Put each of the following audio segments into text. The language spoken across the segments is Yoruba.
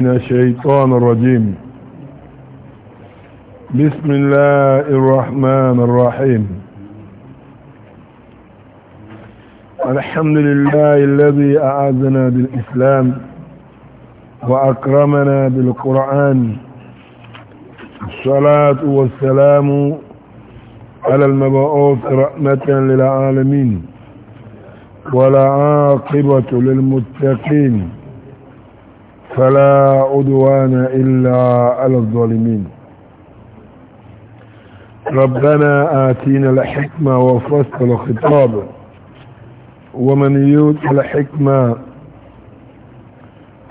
من الشيطان الرجيم بسم الله الرحمن الرحيم الحمد لله الذي أعزنا بالإسلام وأكرمنا بالقرآن الصلاة والسلام على المبعوث رحمة للعالمين ولا عاقبة للمتقين فلا عدوان إلا على الظالمين ربنا آتينا الحكمة وفصل الخطاب ومن يوت الحكمة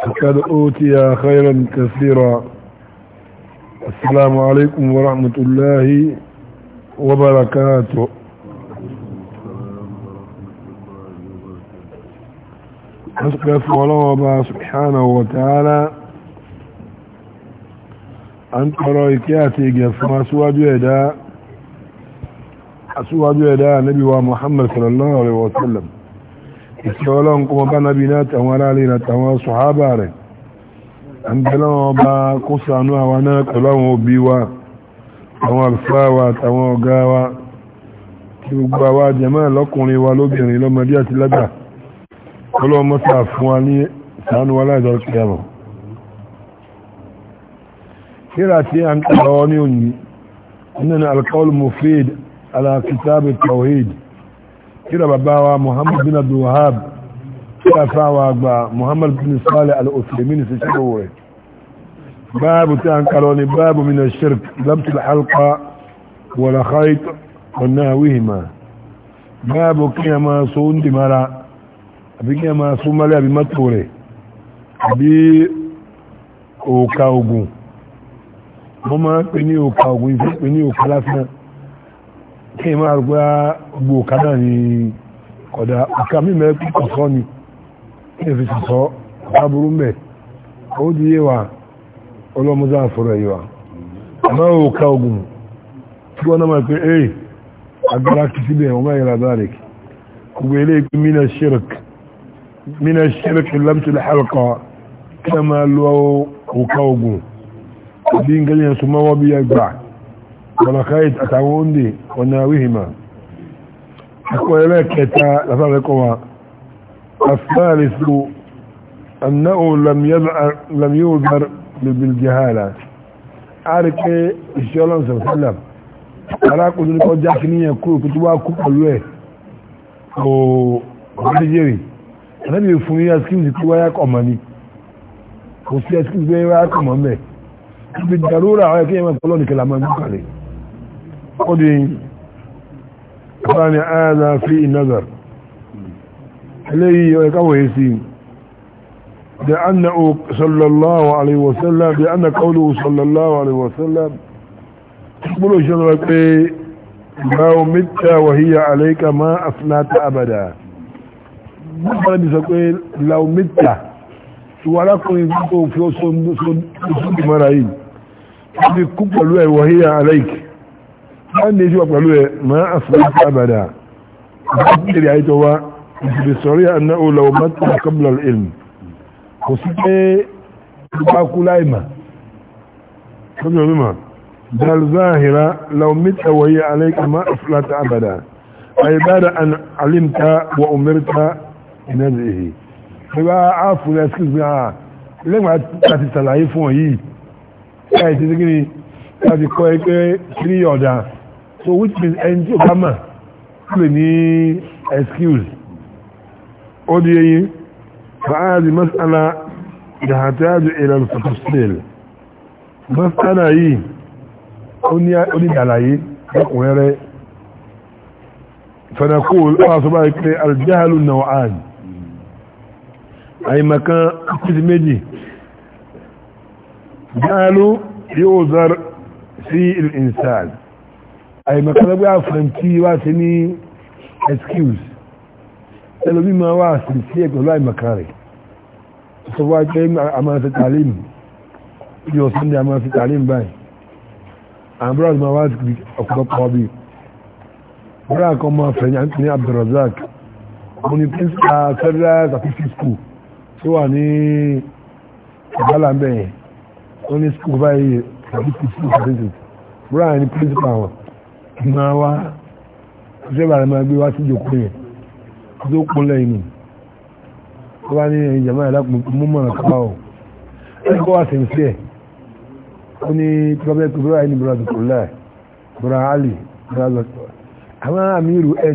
فقد أوتي خيرا كثيرا السلام عليكم ورحمة الله وبركاته أسقف ولوبا سبحانه وتعالى أن ترى إكياتي جفما سواجو يدا سواجو يدا نبي ومحمد صلى الله عليه وسلم ìṣọ́lọ́n kọmọ bá nàbí náà tàwọn aráàlè náà tàwọn ṣùhábà rẹ̀ àbẹ̀lọ́wọ́ bá kó sànú àwa náà pẹ̀lú àwọn òbí wa àwọn àlùfáàwà àtàwọn ọ̀gá wa lọ́kùnrin wa lóbìnrin lọ́mọdé àti lágbà kọlọ mọ́ta fún wa ní sàánú wa láìjọ́ kìyàmọ̀ kíra tí a ń kàrọ ní òyìn nínú alkawul mufid ala kitabi tawhid kíra bàbá wa muhammad bin abdul wahab kíra fáwa gba muhammad bin salih al-usaimin sí ṣíkò rẹ̀ báàbù tí a ń kàrọ ní báàbù min shirk lamtul halqa wala khayt wa nahwihima báàbù kíyàmá sóhun dimara àbí kí ẹ máa sún mọ́lẹ̀ àbí mọ́tò rẹ̀ àbí òòkà ogun wọ́n máa ń pè ní òòkà ogun ìfẹ́ pè ní òòkà lásán kí ẹ máa rògbà ah, gbogbo òòkà náà ní kọ̀dà òòkà mímẹ́ pípọ̀ sọ́ ni kí ẹ fi sọ̀sọ́ ọ̀tá burú mẹ́ ó di yé wa ọlọ́mọdé àfọ̀rọ̀ yìí wa àmọ́ òòkà ogun tí wọ́n náà máa pè é agbára kìtìbẹ̀ wọ́n máa yẹra dáre gbogbo eléyìí pé mí náà ṣèrèkì من الشرك لمس الحلقة كما لو وكوغو دين قال سما وبي ولا ولقيت أتعون دي وناويهما اقول لك يتا لفرقوا الثالث انه لم يذعر لم يذر بالجهالة عارك إن شاء الله صلى الله عليه وسلم أراك أن يكون جاكنية كل كتبها كل ألوه أو أو ànábì fún ní ẹskíwìsì pé wáyà kọ̀mọ̀ ni kò sí ẹskíwìsì pé wáyà kọ̀mọ̀ mẹ́ ibi dàrúrà àwọn ẹ̀kẹ́ ìmọ̀ pọ̀lọ́ nìkẹ́lá máa ń kàlẹ̀ ó di ìfani ààdà fi ìnazar eléyìí ọ̀yẹ́ káwọ̀ yìí sí bí anna o sallallahu alaihi wasallam bí anna kawlu sallallahu alaihi wasallam gbọ́dọ̀ ṣe lọ pé báwo mítà wàhíyà àlẹ́kà máa afnata abada gbọ́dọ̀ bí sọ pé laomita ìwà arákùnrin tó fi ó sóbi mara yìí wọ́n ti kú pẹ̀lú ẹ̀ wọ́n híyà aláìkì wọ́n ní ìṣúwà pẹ̀lú ẹ̀ máa àfẹ́lẹ́sì àbàdà ìbájúkèrè àìtọ́ wa ìṣẹ̀lẹ̀ sọ̀rí àná ó laomata kọ́bùlà ilmi kò sí pé ìpá kú láìmà kọ́bùlà mímọ̀ dalzahira laomita wọ́n híyà aláìkì máa àfẹ́lẹ́sì àbàdà àìbára àlìmta wa umirta ìnẹ́lẹ̀ ẹgbẹ́ àáfù rẹ̀ excuse me ah lẹ́gbàá láti ṣàlàyé fún ọ yìí ẹ̀ ti kí ni láti kọ́ ẹ pé kí ọ̀dà so which means ẹni tí ó bá mà lè ní excuse ó di eyín fàáàdì mas'ala ìdàhàtàjù ìlànà tafsil mas'ala yìí ó ní ìdàlàyé lọ́kùnrin rẹ̀ فنقول اعصب عليك الجهل نوعان àìmọ̀kan kìtì méjì gáàlú yóò zar sí ìrìnsáàl àìmọ̀kan lọ́gbẹ́ àfẹ́ntí wá sí ní excuse ẹlòmí ma wá sí sí ẹgbẹ̀lú àìmọ̀kan rẹ̀ sọ wá jẹ́ àmàṣẹ tàlím yóò sọ́ndé àmàṣẹ tàlím báyìí àbúrò ma wá sí ọ̀pọ̀lọpọ̀ bí bọ́lá kan máa fẹ̀yìn àti ní Abdulrazak mo ní pínṣà tí wà ní ìbálà bẹ́ẹ̀ ó ní skul báyìí tàbí ti skul kàdéjì búrọ̀ àyìn ní principal wọn máa wá ṣẹ́bà rẹ̀ máa gbé wá sí ìjòkó yẹn tó kún lẹ́yìn ni tó bá ní ẹ̀yìn jàmáà ìdákùn mú mọ̀ràn kọ́ ọ́ ẹ̀kọ́ wà sẹ̀nsẹ̀ ẹ̀ ó ní tí wọ́n bẹ́ẹ̀ pé búrọ̀ àyìn ní búrọ̀ àdùkù láì búrọ̀ àlì búrọ̀ àlọ́tọ̀ àwọn àmì ìrù ẹ̀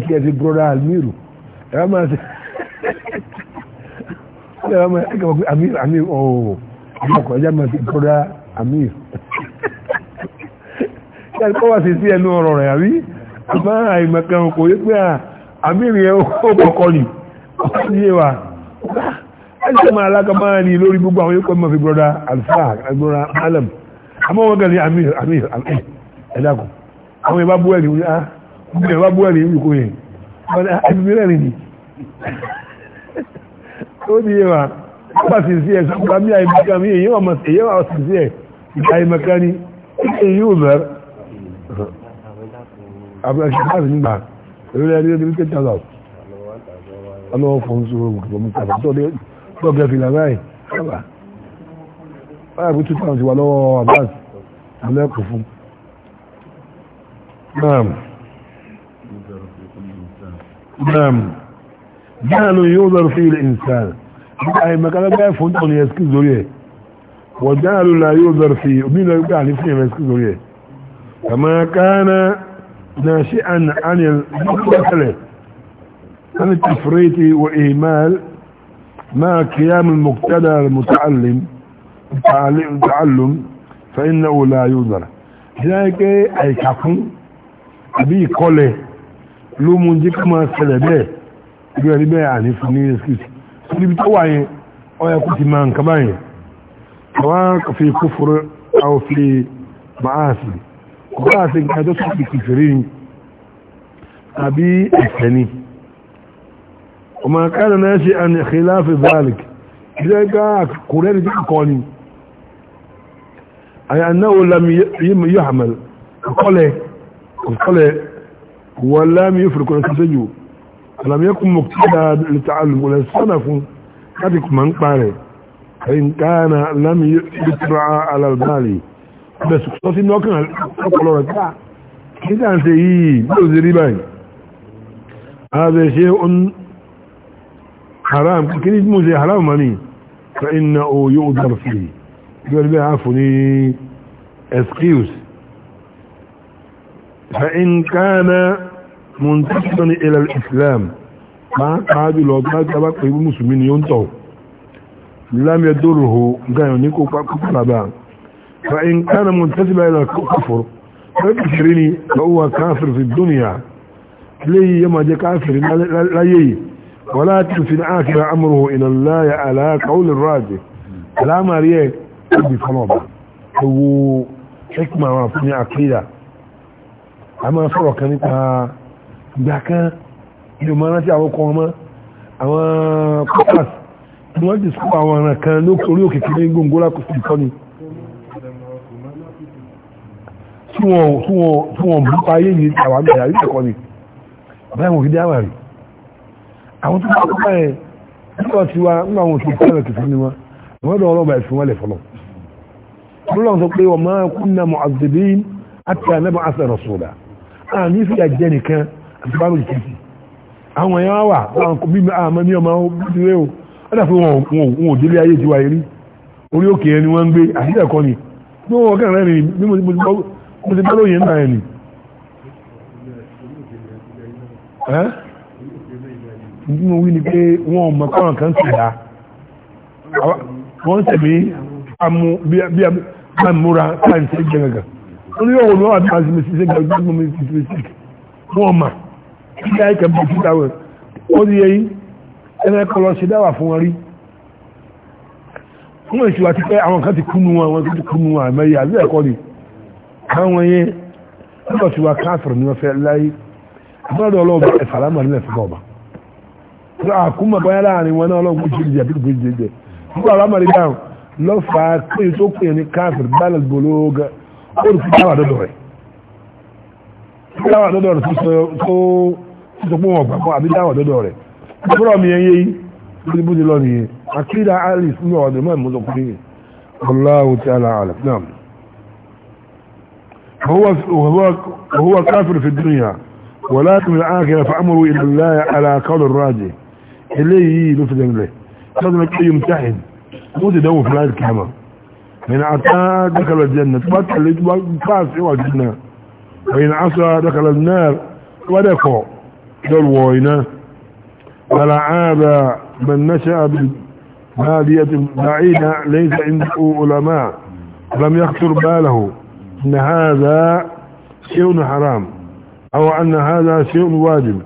lè ọmọ ẹgbẹ́ ọgbẹ́ amir amir ooo ọmọ ọkọ̀ ẹjá máa ti kọ́ra amir ṣe kọ́ wá sí sí ẹnu ọ̀rọ̀ rẹ̀ àbí àmọ́ àìmọ̀kan kò yẹ pé amir yẹn ó kọ̀kọ́ ni ọ̀pọ̀ yé wa ẹjẹ́ máa alákọ̀ọ́mọ́ ni lórí gbogbo àwọn yóò kọ́ mọ́ fi brọ́dá alfa agbọ́ra alam amir amir amir ẹ̀dàkùn àwọn ìbá bú ẹ̀rí wọ́n ní ah ìbá bú ẹ̀rí wọ́n ní kò yẹn ẹ̀mí ó ní yẹwà ọba sì sí ẹ̀ sọ́kùnrin àmì àìmọ̀ká mi èyí ọmọ sí èyí ọmọ sì sí ẹ̀ àìmọ̀ká ni èyí ò bẹ̀rẹ̀ abúlé nígbà lórí ẹni ní wíkẹ́ tàbí ọlọ́wọ́ fún sọ́wọ́ òkùnkùn mú tàbí tó dé gbọ́gbẹ́ fìlà báyìí جهل يوضر فيه الإنسان أي مكان لا يفهم يسكي يسكزوريه وجعل لا يوضر فيه ومين لا يقعني فيه ما يسكي يسكزوريه كما كان ناشئا عن المقتل عن التفريط وإهمال مع قيام المقتدى المتعلم التعلم فإنه لا يوضر ذلك أي كفن أبي قوله لو منجك ما سلبه ibi ẹni bẹ́ẹ̀ àní fún ní excuse tó níbi tó wà yẹn ọyẹ kò ti máa nǹkan báyẹn àwọn kàfẹ́ kó fúru àwọn fi máa sì kò bá àti nǹkan tó tó fi kìfèrè ni àbí ẹ̀fẹ́ ni ọmọ akáàdà náà ṣe àni khilafi zalik ilé ẹgbẹ́ àkùrẹ́ ní kíkọ́ ni àyà náà lami yóò hàmẹ́l kọ́lẹ̀ kọ́lẹ̀ wọ́n lami yóò fìrìkọ́ ní sọ́jọ́ alam yakun muqtada li ta'allum wala sanafu kati kuma n pare in kana lam yutra ala al-mali da su so tin lokan kokolo rẹ̀ ta kidan se yi bo ziri bayi hada shay'un haram kini excuse fa in kana منتسبا الى الاسلام ما قاعد لو قاعد بقى قيب مسلمين ينتو لم يدره غيونيكو كفر فان كان منتسبا الى الكفر فكفرني فهو كافر في الدنيا لي يما جا كافر لا يي ولا في الاخره امره الى الله على قول الراجح لا مريه بفلوبه هو حكمه في عقيده اما فرق كانت gbà kan ìlú mọ́ rántí àwọn kan ọmọ àwọn kọ́pàs tí wọ́n ti sọ àwọn ọ̀ràn kan lórí òkè kí ní gbòǹgbò lákòókò ìkọ́ni tí wọ́n bú ayé ní àwọn àmì àyàrí ẹ̀kọ́ ni báyìí wọ́n fi dé àwàrí àwọn tó bá kọ́pà yẹn nígbà tí wá ń àwọn òṣèlú kọ́lẹ̀ kìfún ni wọn àti bá lóòjì kejì àwọn èèyàn wà láwọn bí àmọ́ ní ọmọ ìdílé o wọ́n dà fún wọn ò délé ayé tiwa yẹrí orí òkè ẹni wọ́n ń gbé àdílẹ̀ kọ́ ni bí wọ́n kàn rẹ́rìn bí mo ti bá lóòyìn náà ẹni. ní mo wí ni pé wọn ò mọ̀ kọ́ràn kan sì dá wọ́n tẹ̀mí amú bí amúra táìmù sí gbẹ̀ngàn orí òwò ni wọ́n àti àti mi sí gbẹ̀ngàn wọ́n mọ̀ títà ìkẹ̀ bí títà wẹ̀ ó ní yẹ yìí ẹ̀rẹ́ kọlọ ṣe dáwà fún wọn rí fún èṣù àti pé àwọn kan ti kúnnú wọn wọn ti kúnnú wọn àmẹ́yà àbí ẹ̀kọ́ ni káwọn yẹn lọ́dọ̀ tí wà káàfìrì ni wọ́n fẹ́ láyé àbúrò ọlọ́ọ̀bà ẹ̀fà lámà nílẹ̀ fún ọba àkúmọ̀ báyá láàrin wọn náà ọlọ́ọ̀gbọ́n ṣe jẹ́ àbí gbèjì jẹ́ nígbà lámà nílẹ̀ lọ́fà pé tó pè ní káàfìrì bá lọ́gbọ̀lọ́gà ó rí fún táwà dáwà dọ́dọ̀ rẹ̀ tó sọ pé wọn gbàgbọ́ àbí dáwà dọ́dọ̀ rẹ̀ àbúrò mi yẹn yéyí bó ti bó ti lọ nìyẹn àkídà alice ní ọ̀dọ̀ mọ́ ìmúzọ pé Allahu ta'ala alam náà وهو كافر في الدنيا ولكن الآخرة فأمروا إلى الله على قول الراجح إليه لفظ له لازم يمتحن مو تدور في هذه الكلمة من عطاء دخل الجنة تبقى اللي تبقى الجنة وإن عصى دخل النار ودفع دلوينا فلا عاب من نشأ بالبادية بعيدة ليس عنده علماء لم يخطر باله ان هذا شيء حرام او ان هذا شيء واجب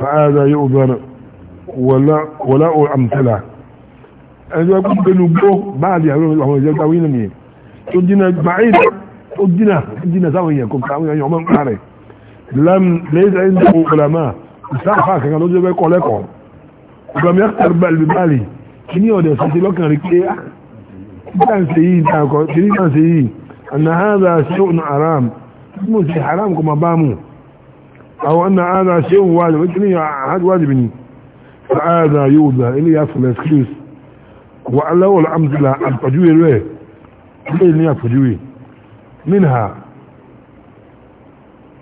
فهذا يؤذر ولا ولا امثله اذا قلت نبوه بعد يعلم الله جل وعلا مين تجينا بعيد ó jìnà jìnà sáwọn èèyàn kò ká àwọn èèyàn ọmọ nǹkan rẹ̀ lẹ́yìn ẹni tó kọlà máa ìsáfà kankan ló jẹ́ kọ́ lẹ́kọ̀ọ́ ọ̀gbọ̀n mi ọ̀kẹ́ bá lè bá lè kí ní ọ̀dẹ̀ sọ sí lọ́kàn rí pé ah, nígbà ń ṣe yìí dákọ̀ kí nígbà ń ṣe yìí àna hàdà ṣe òun haram tí mo ṣe haram kò máa bá mu àwọn àna hàdà ṣe òun wájú wọ́n kí ní wájú ni hàdà yóò dà ilé yà fún excuse wà aláwọ̀ àmì àpàjúwe rẹ̀ منها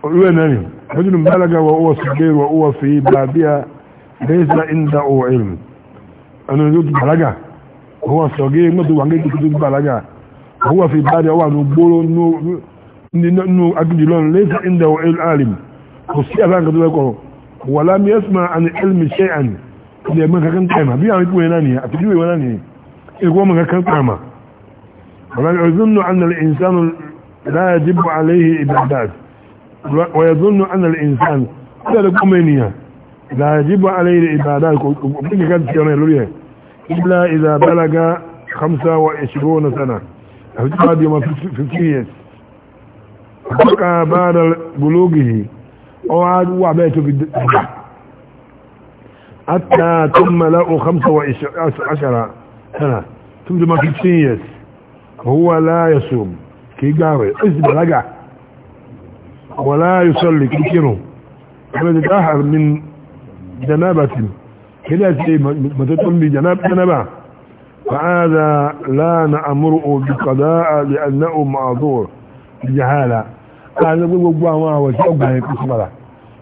وين رجل بلغ وهو صغير وهو في بادية ليس عنده علم أنا رجل بلغ هو صغير ما دو عنك رجل بلغ هو في بادية هو نقول نو نو أجلون ليس عنده علم وسيا فان قد يقول ولم يسمع عن علم شيئا إذا ما كان تعمى بيعمل ويناني أتجوي ويناني يقول ما كان تعمى ولا يظن أن الإنسان لا يجب عليه إبعداد ويظن أن الإنسان هذا الكومينيا لا يجب عليه الإبعداد إلا إذا بلغ خمسة وعشرون سنة هذا ما في الكيس بقى بعد بلوغه أو عاد وعبيته بالدعم حتى تم له 15 سنة ثم ما في الكيس هو لا يصوم كي قاري عزب لقع ولا يصلي كي كنو حمد الاحر من جنابة كلا زي ما تتم بجناب جنابة فهذا لا نأمره بقضاء لأنه معذور بجهالة قال نقول بواه ما هو شوق هاي قسم الله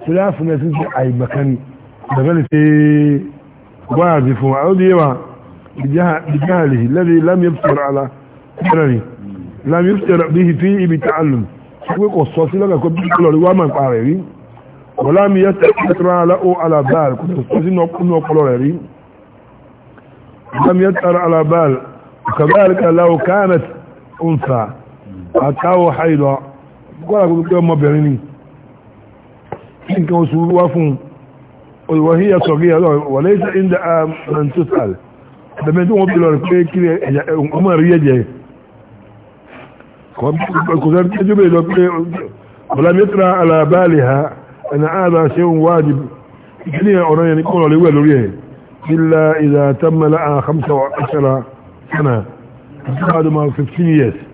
خلاف نسيس اي مكان بغل في واضف وعودي وجهاله الذي لم يبصر على كرني lam yusir bihi fi ibi ta'allum pé kò sọ sí lọ́gà kó bí lọ́rí wá máa parẹ̀ rí wọ́lá mi yẹ́ tẹ́tẹ́tẹ́rẹ́ aláwọ̀ alábàl kò sọ sí nínú ọpọlọ rẹ̀ rí wọ́lá mi yẹ́ tẹ́tẹ́rẹ́ alábàl kàbáyàrí kàláwò kánẹt ọ̀nsà àtàwò haidọ̀ kọ́lá kò pé ọmọbìnrin ni kí nǹkan oṣù wá fún olùwàhíyà sọ̀gíyà lọ wọ̀lẹ́ ìṣẹ́ ìndà àmàntusal ẹ̀dẹ̀mẹ́tí wọ́n bí lọ rẹ̀ pé kí ọmọ rí ẹ̀jẹ̀ ولم يطلع على بالها أن هذا شيء واجب جنيا أورايا يقول لي ويلو ليه إلا إذا تم لها خمسة وعشرة سنة بعد ما 15 years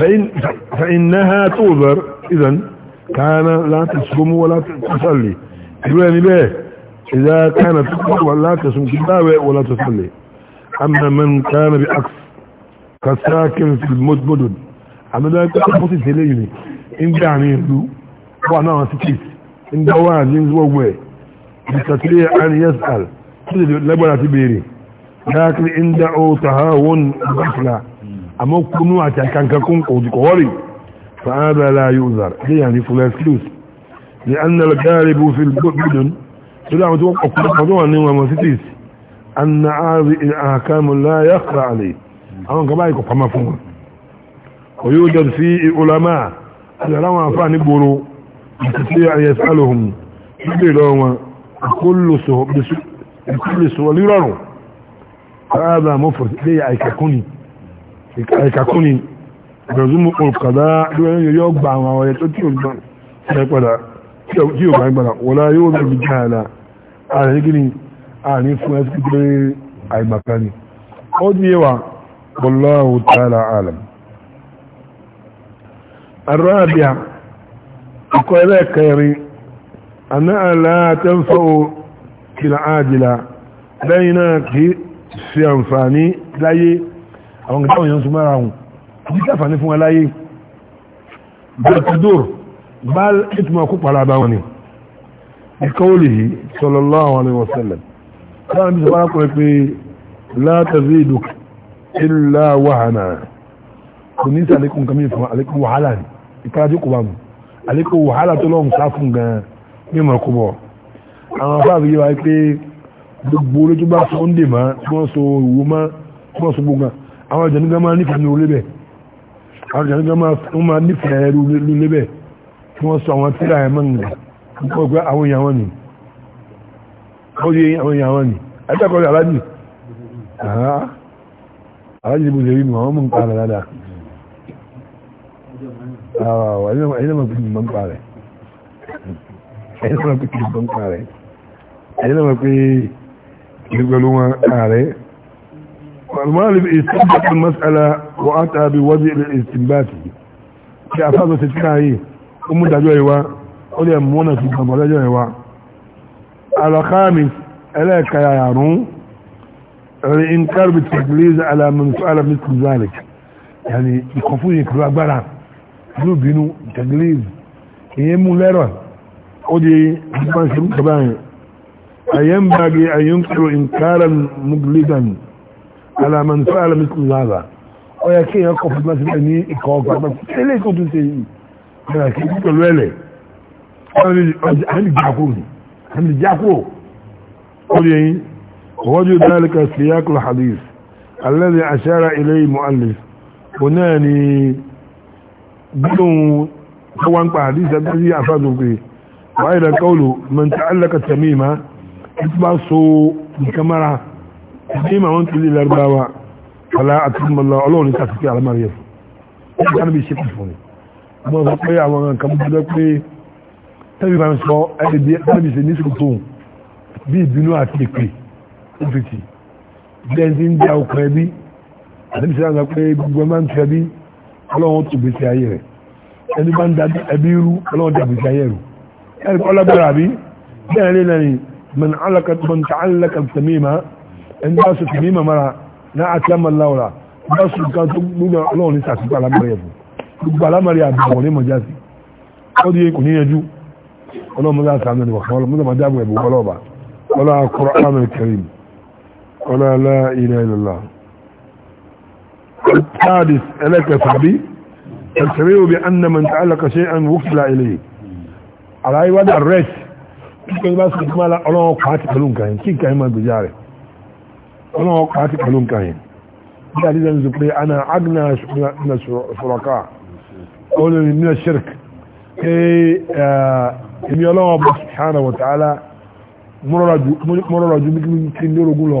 فإن فإنها توذر إذا كان لا تصوم ولا تصلي يقول به إذا كانت تقوى ولا تصوم ولا تصلي أما من كان بعكس kàṣíkàkiri ti mọ́dún àmìlẹ́ ẹgbẹ́ pọ́sí tẹ́lẹ̀ yìí ń gbé àárín ìlú wà náà wọn síkì ń gbá wà ní gbogbo ẹ̀ ìtàkìlẹ̀ àríyẹ́sàl tó lè lẹ́gbàrá ti béèrè dákìlẹ̀ ń dá ó tàhá wọn gbáfìlà àmọ́ kúnú àti àkànkankún òdìkọ̀wọ́rì fàádà láàyè òzàr àwọn nǹkan báyìí kò fún wọn kò yóò jẹ́ sí ulama àti àwọn àǹfààní gbòòrò ìtìsí ayẹsẹ alòhùn nígbè lọ́wọ́ wọn ìkólè sọ nírọ̀rùn káàbà mọ́fọ̀ sí àìkàkúnni àìkàkúnni ìgbàzúmọ̀ olùkàdá lóyún yóò gba àwọn ọ̀rẹ́ tó tí ò gbà ẹ̀ padà tí ò yóò bẹ̀rẹ̀ jáàlá ààrẹ gíní ààrin fún ẹ́sìkí pé ó díye wa والله تعالى عالم الرابع يقول لك يري أنها لا تنفع في العاجلة بينك في أنفاني láyé àwọn ìgbàwọn èèyàn súnmọ́ ara hùn ní káfàní fún aláyé bẹ̀tẹ̀dọ́r bá ìtumọ̀ kó pàrà bá wọn ni ìkọ́wòlì yìí sallallahu alaihi wasallam láàrín bí sọ bá rákùnrin pé látàzí ìdókù ilá wàhánà kò ní sí àlékún kan mìíràn àlékún wàhálà ní ìkájú kò bá mu àlékún wàhálà tó lọ́hùn sáfún gan mímọ̀ kó bọ̀ àwọn afáàbí yìí wáyé pé gbogbo olójú tó bá sọ ń dè máa tí wọ́n so ìwò máa tí wọ́n so gbogbo àwọn ìjọ nígbà máa nífẹ̀ẹ́ ní orí ni ó yẹ àwọn èèyàn alájì bó ṣe rí mọ̀ mú ń parẹ̀ dáadáa àwọn ẹ̀yìn mọ̀ pínlẹ̀ mọ̀ ń parẹ̀ ẹ̀yìn mọ̀ pínlẹ̀ mọ̀ ń parẹ̀ ẹ̀yìn mọ̀ pé ìgbẹ̀lú wọn ààrẹ المؤلف استنبط المسألة وأتى بوضع الاستنباط في أساس تتكاهي أمد جوهوا أولي أمونا في الخامس على خامس ألا كيانون الإنكار بالتجليز على من فعل مثل ذلك يعني يخافون يكروا أكبرها يقولوا بينوا تجليز يمو ليرا ودي حبان شروع كبان أينبغي أن ينكر إنكارا مجلدا على من فعل مثل هذا ويكي يقف ما سبعني إكوافا ما كيلي كنت سيئي أنا كيلي كنت الوالي أنا جاكوني أنا جاكو ودي ووجد ذلك سياق الحديث الذي أشار إليه مؤلف هناني بدون طوان حديث الذي أفاده فيه وأيضا قوله من تعلق التميمة اتبع سوء الكاميرا تميمة وانت اللي الأرباوة فلا أتم الله الله نتاسكي على مريم كان بيشيك فوني ما فقيا وانا كمبدك فيه تبي بانسوا أي بي أنا بيسي نسكتون بي بنوا أتلك فيه fifty bẹ́ẹ̀ ti ń jẹ́ ọkọ̀ ẹbí àdébísí àgbà pé gbogbo ẹ máa ń tu ẹbí ọlọ́run tó gbèsè ayé rẹ̀ ẹni bá ń da ẹbí rú ọlọ́run tó gbèsè ayé rú ẹni kọ́ lágbára àbí bẹ́ẹ̀ lé náà ni mọ̀n tàálàkà tẹ̀míìmá ẹni bá sọ tẹ̀míìmá mara náà àti àmàláwòrà bá sọ nǹkan tó gbúgbà ọlọ́run ní sàtúgbà alámàrí ẹ̀fọ́ gbogbo alámàrí àbẹ̀wò ní mọ̀já sí ó ولا لا إله إلا الله السادس لك صحبي السبيل بأن من تعلق شيئا وكل إليه على أي وضع الرئيس kíkọ́ bá sọ fún ọlọ́wọ́ pàátì pẹ̀lú nǹkan yìí kí nǹkan yìí máa gbèjà rẹ̀ ọlọ́wọ́ pàátì pẹ̀lú nǹkan yìí bí a dídá nìsọ pé ana agna na ṣùrọ̀ká olórí ní ṣirk pé èmi ọlọ́wọ́ bá subhanahu wa ta'ala ju bí kí ní orogún lọ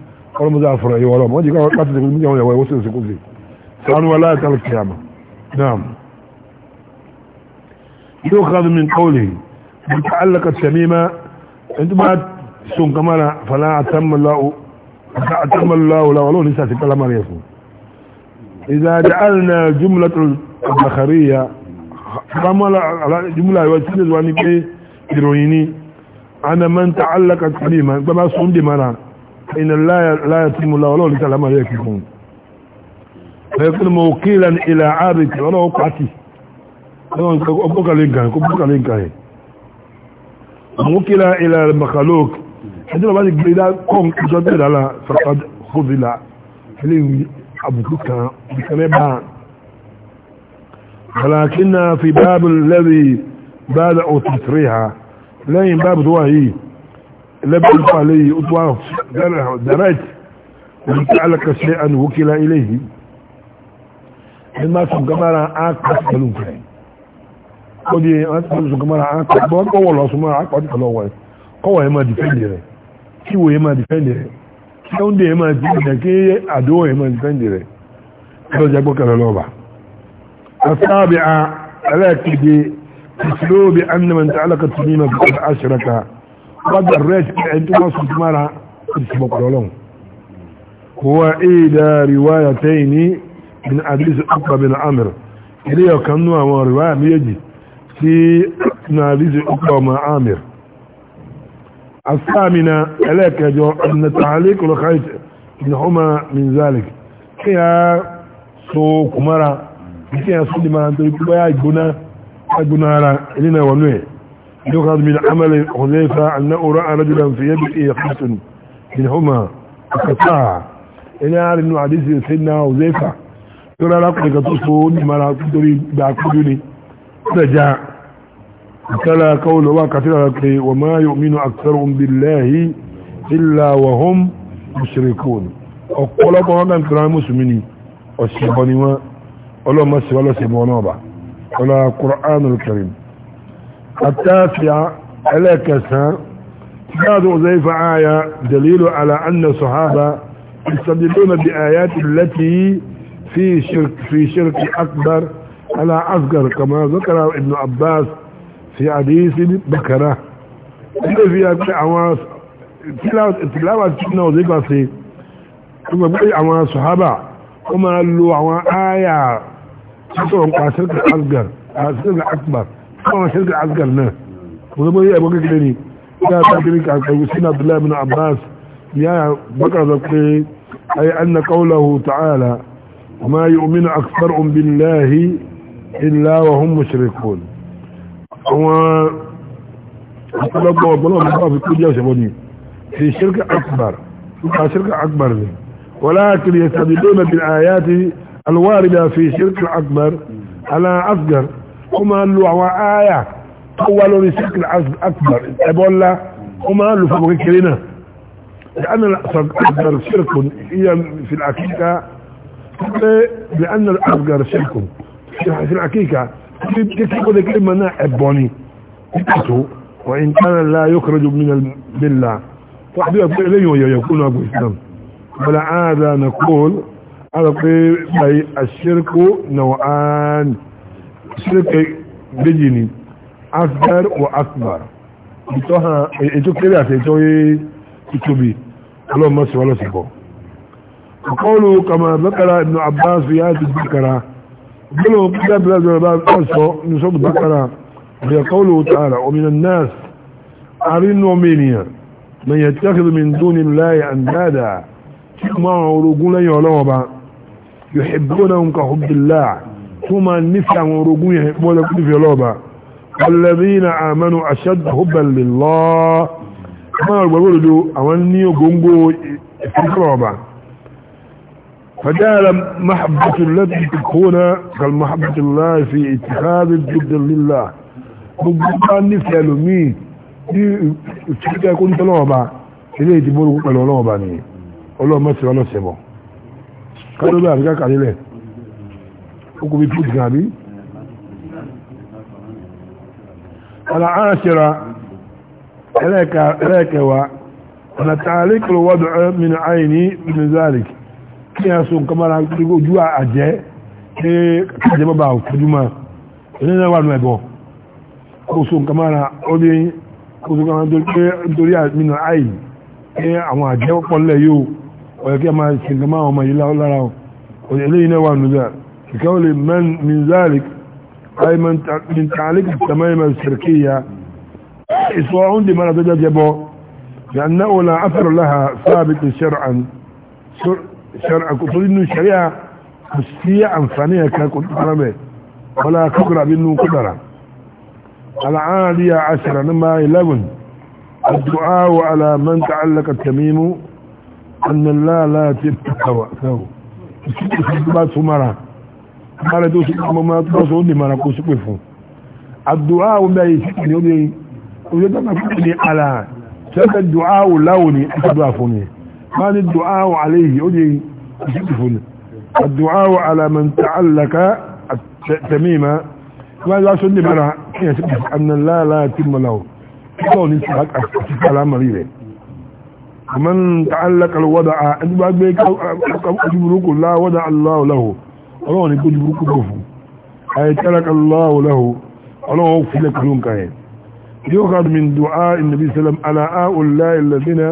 ọlọ́mọ dáa fọ̀rọ̀ yìí wọ́n wọ́n jẹ́ káàkiri ní ìyàwó ìyàwó ìwọ́sí òsìnkú sí sanu wà láti alkiyama náà yóò ká min kọ́ọ̀lì bí ta allaka tamima in tó bá sun kamara fana atammalahu la wọ́n ní sàti kalama rẹ̀ fún إذا جعلنا جملة البخارية جملة يوسيلة واني بي إرويني أنا من تعلق كلمة بما سندي منا إن الله لا يتم الله ولو لكلام يكفون فيكون موكلا إلى عابك ولو قعتي موكلا إلى المخلوق حينما بعد الجريدة قوم جدد على فقد خذل حليم أبو كوكا بكلمة ولكن في باب الذي بدأ تسريها لين باب دواهي لابد عليه أطواف درج ومن تعلق شيئا وكل إليه لما سنقمر عاق قتلون كاين ودي سنقمر عاق قتلون قوة الله سمع عاق قتلون قوة يما ديفندره كيو يما ديفندره كيون دي يما ديفندره كي عدو يما ديفندره كيو جاكو كلا لوبا السابعة لكن دي تسلو بأن من تعلق التميمة بقد أشركها قد الرجل عندما سنقمر هو إيدا روايتين من حديث عقبة بن عمر إليه كان نوع رواية ميجي في حديث عقبة مع عامر الثامنة إليك يا أن تعليق الخيط منهما من ذلك كيا سوق مرة كيا سوق ما أنت يا جنا جنا را إلينا ونوي يقال من عمل حذيفة أنه رأى رجلا في يده خيط منهما القطاع إلى أعلن عديث سيدنا وزيفة ترى لقد قطصون ما لا تدري بعقلني رجع تلا قول وكثير وما يؤمن أكثرهم بالله إلا وهم مشركون ọ̀pọ̀lọpọ̀ wọn kàn kíra mùsùlùmí ni ọ̀sẹ̀bọ̀ ni wọ́n ọlọ́mọ sí wọ́n lọ́sẹ̀bọ̀ náà bá ọlọ́ Qur'anul Karim àtàfíà ẹlẹ́kẹsàn-án هذا وزيفة آية دليل على أن الصحابة يستدلون بآيات التي في شرك في شرك أكبر على أصغر كما ذكر ابن عباس في حديث بكرة إذا في أعواص تلاوة سنة وزيفة سي ثم بقي أعواص صحابة وما لو أعواص آية تسوهم على شرك الأصغر على شرك الأكبر ثم شرك الأصغر نه وده بقي أبوك لا تدرك عن قيوسين عبد الله بن عباس يا بكر ذكري أي أن قوله تعالى وما يؤمن أكثرهم بالله إلا وهم مشركون و أطلق وطلق مضاف في شرك أكبر شركة أكبر ولكن يستدلون بالآيات الواردة في شرك أكبر على أصغر هما اللعوى آيات tó wá lórí sẹ́kìlì akbar ẹbọ ńlá ó máa lò fún kékeré náà لأن الأصغر شرك هي في العقيدة لأن الأصغر شرك في العقيدة تقول كلمة نائبوني وإن كان لا يخرج من الملة واحد يقول إليه يكون أبو إسلام ولعاذا نقول الشرك نوعان شرك بجني asgar wa asmar ìtọ́hàn ètò kéré àti e, ètò ìtòbí ọlọ́mọ sí ọlọ́sì bọ̀ ọkọ́lù kama bẹ́kara ibn abbas ya ti bẹ́kara gbọ́nà pípẹ́ bẹ́ẹ̀ bẹ́ẹ̀ bá sọ ní sọ́dù bẹ́kara ọ̀yà kọ́lù tààrà ominan nas arínú ọmọ ènìyàn na yẹ tẹ́kìlú min dúnin láyé àndáàdà tí ma wọn orogún lẹ́yìn ọlọ́wọ́ ba yóò hìbó náà ń ka hùbdìlá tó ma nífẹ̀ẹ́ àwọn orogún yẹn bọ́ọ̀lẹ́kùn nífẹ̀ẹ́ ọlọ́wọ́ ba الذين آمنوا أشد حبا لله ما يقول له أولي قنقو إفرابا فجعل محبة التي تكون كالمحبة الله في اتخاذ الجد لله gbogbo nífẹ̀ẹ́ ẹlòmí bí ìtìkẹ́ kó ní tọ́lọ́ọ̀bá ilé ìdìbò olùkú pẹ̀lú ọlọ́ọ̀bá ni ọlọ́ọ̀mọ́sí ọlọ́sẹ̀bọ̀ kọ́lọ́bẹ̀ àríkà kàlílẹ̀ ó kò bí pùtìkà bí العاشرة إليك إليك و أنا تعليق الوضع من عيني من ذلك كي أسون كما تقول جوا أجي كي ما باو كجما إننا ما بو أسون كما أولي أسون كما دولي من عين كي أما أجي وقال لي يو ويكي أما سنكما وما يلا ولا راو وإلينا وارنا ذلك كقول من من ذلك أي من تعليق التمايم الشركية إسواء عندي من أتجد يبو لأنه لا أثر لها ثابت شرعا شرعا كنت إنه شريعة مستية أنفانية كنت حرمي ولا كبرى بإنه كبرى العالية عشرة نما 11 الدعاء على من تعلق التميم أن الله لا تبتكوى ثوب بس مرة kárẹ tó sí ọmọ tọ́sọ ó lè mara kó sípè fún àdúrà àwọn bẹ́ẹ̀ ìsìnkì ni ó lè oye tọ́ka fún ní àlà sẹ́fẹ́ dùá àwọn láwò ní àdúrà fún ni má ní dùá àwọn alẹ́ yìí ó lè ìsìnkì fún ni àdúrà àwọn alamanta alaka tẹ̀míma ọlọ́wọ́ ní gbójú burúkú bò fún ayé tẹ́lẹ̀kà lọ́wọ́ lẹ́hù ọlọ́wọ́ fílẹ̀ pẹ̀lú nǹkan yẹn yóò ká min du'a innabi sallam ala a'ulá ilẹ̀dínà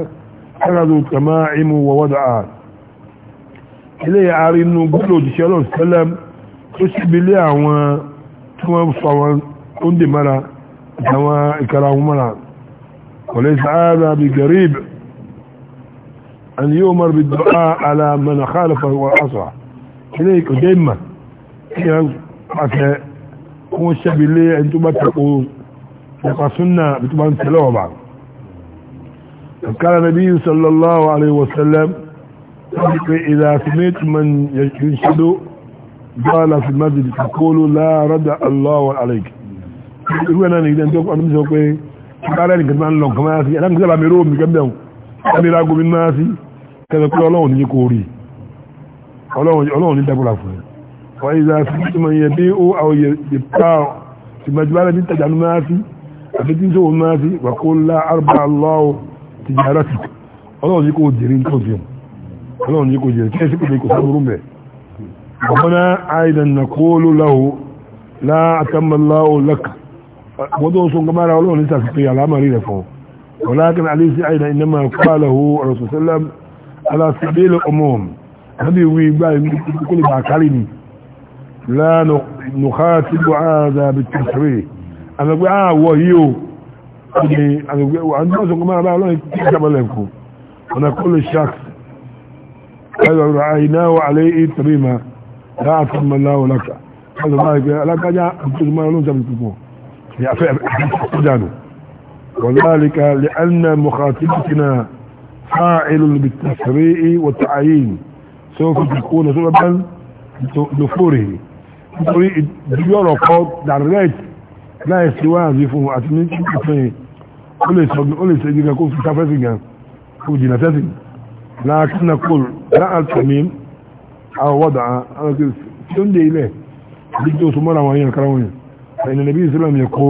tẹ́lẹ̀dù tàmá imu wa wada a ilé ààrin inú gbọ́dọ̀ òjíṣẹ́ ọlọ́run sallam ilé ìkò jẹ́ ìmà ìyá pàṣẹ kí wọ́n ṣẹ́bi lé ẹni tó bá tako nípa súnà bí tó bá ń tẹ̀lé ọ̀bà kàkàrà nàbí sallallahu alaihi wasallam wọ́n ti pé ìlà àfimẹ́tì man yẹn ṣadó dọ́ọ̀lá fi májì kàkóòlù láàrọ́dà allahu alaik irú ẹ̀nà ní ìdẹ́ntọ́ ọdún sọ pé kàkàrà nìkan máa ń lọ nǹkan máa sí ẹ̀dá nǹkan sábà mi róòmù kẹ́mbẹ̀rún kẹ́mbẹ̀rún agomi máa sí kẹ́kẹ́ pé ọlọ́run ní kò rí i ọlọ́run ní dábòrà fún ẹ wọ́n ìzà fún ìtumọ̀ yẹn bí ó àwọn yẹ pa ìgbàjúbára ní tàjà máa fi àti tí ń sọ máa fi wà kó lá àrùbá lọ́wọ́ ti jẹ́ ara tìkù ọlọ́run ní kò jèrè ní kòsì ọlọ́run ní kò jèrè kí ẹ sì kò lè kò sábúrú mẹ́ ọ̀pọ̀nà àìdàn nà kó ló láwò láàkàmọ̀ láwò lẹ́kà wọ́n tó sọ gbàmára ọlọ́run ní sàfihàn alámàrí rẹ̀ fún ولكن عليه سعيد إنما قاله الرسول الله عليه على سبيل الأموم هذه ويبقى كل ما كلمي لا نخاطب هذا بالتصريح انا اقول اه وهيو انا وعندنا كمان بقى الله يكتب لكم انا كل شخص قال عليه تميما لا اتم الله لك قال ما لك ما لون يا وذلك لان مخاطبتنا فاعل بالتسريع والتعيين tó fi jù kó lọ sọ́dọ̀ bẹ́ẹ̀ lòfóòrè nítorí ìdílé ọ̀rọ̀ kọ́ direct láì sí wáàzí fún àti ní ìfẹ́yìn ó lè sọ ó lè sọ ìdíga kó fi sáfẹ́sì gan kó jìnà sẹ́sì láàkínà kó láàtọ̀mí àwọ̀wọ́dà àwọn tí ó ń dé ilẹ̀ dídí oṣù mọ́ra wọn yẹn kára wọn yẹn ẹ̀yìn nàbí ìsìlẹ̀ mi kó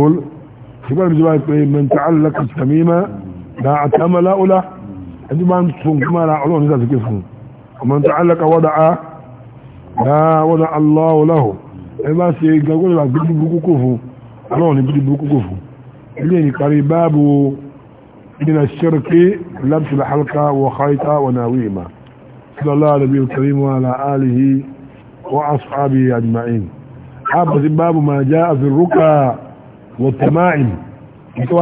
ṣùgbọ́n ìbí wáyé pé mẹ́ta alákàtàmí máa na àtàmọ́lá ẹni máa ń tún kí ọlọ́run nígbà tó ké fún un ومن تعلق وضع لا وضع الله له ẹgbá se gbogbo ìwà gbogbo burúkú kò fún aláwọ̀ ní gbogbo burúkú kò fún ilé ìparí báàbù nínú ṣẹ́rẹ̀kí lábṣìlá halka wọ haita wọ náwí ìmá sallallahu alaihi wa sallam wa ala alihi wa ashabi ajma'in abasi báàbù ma já a zirruka wa tama'in ita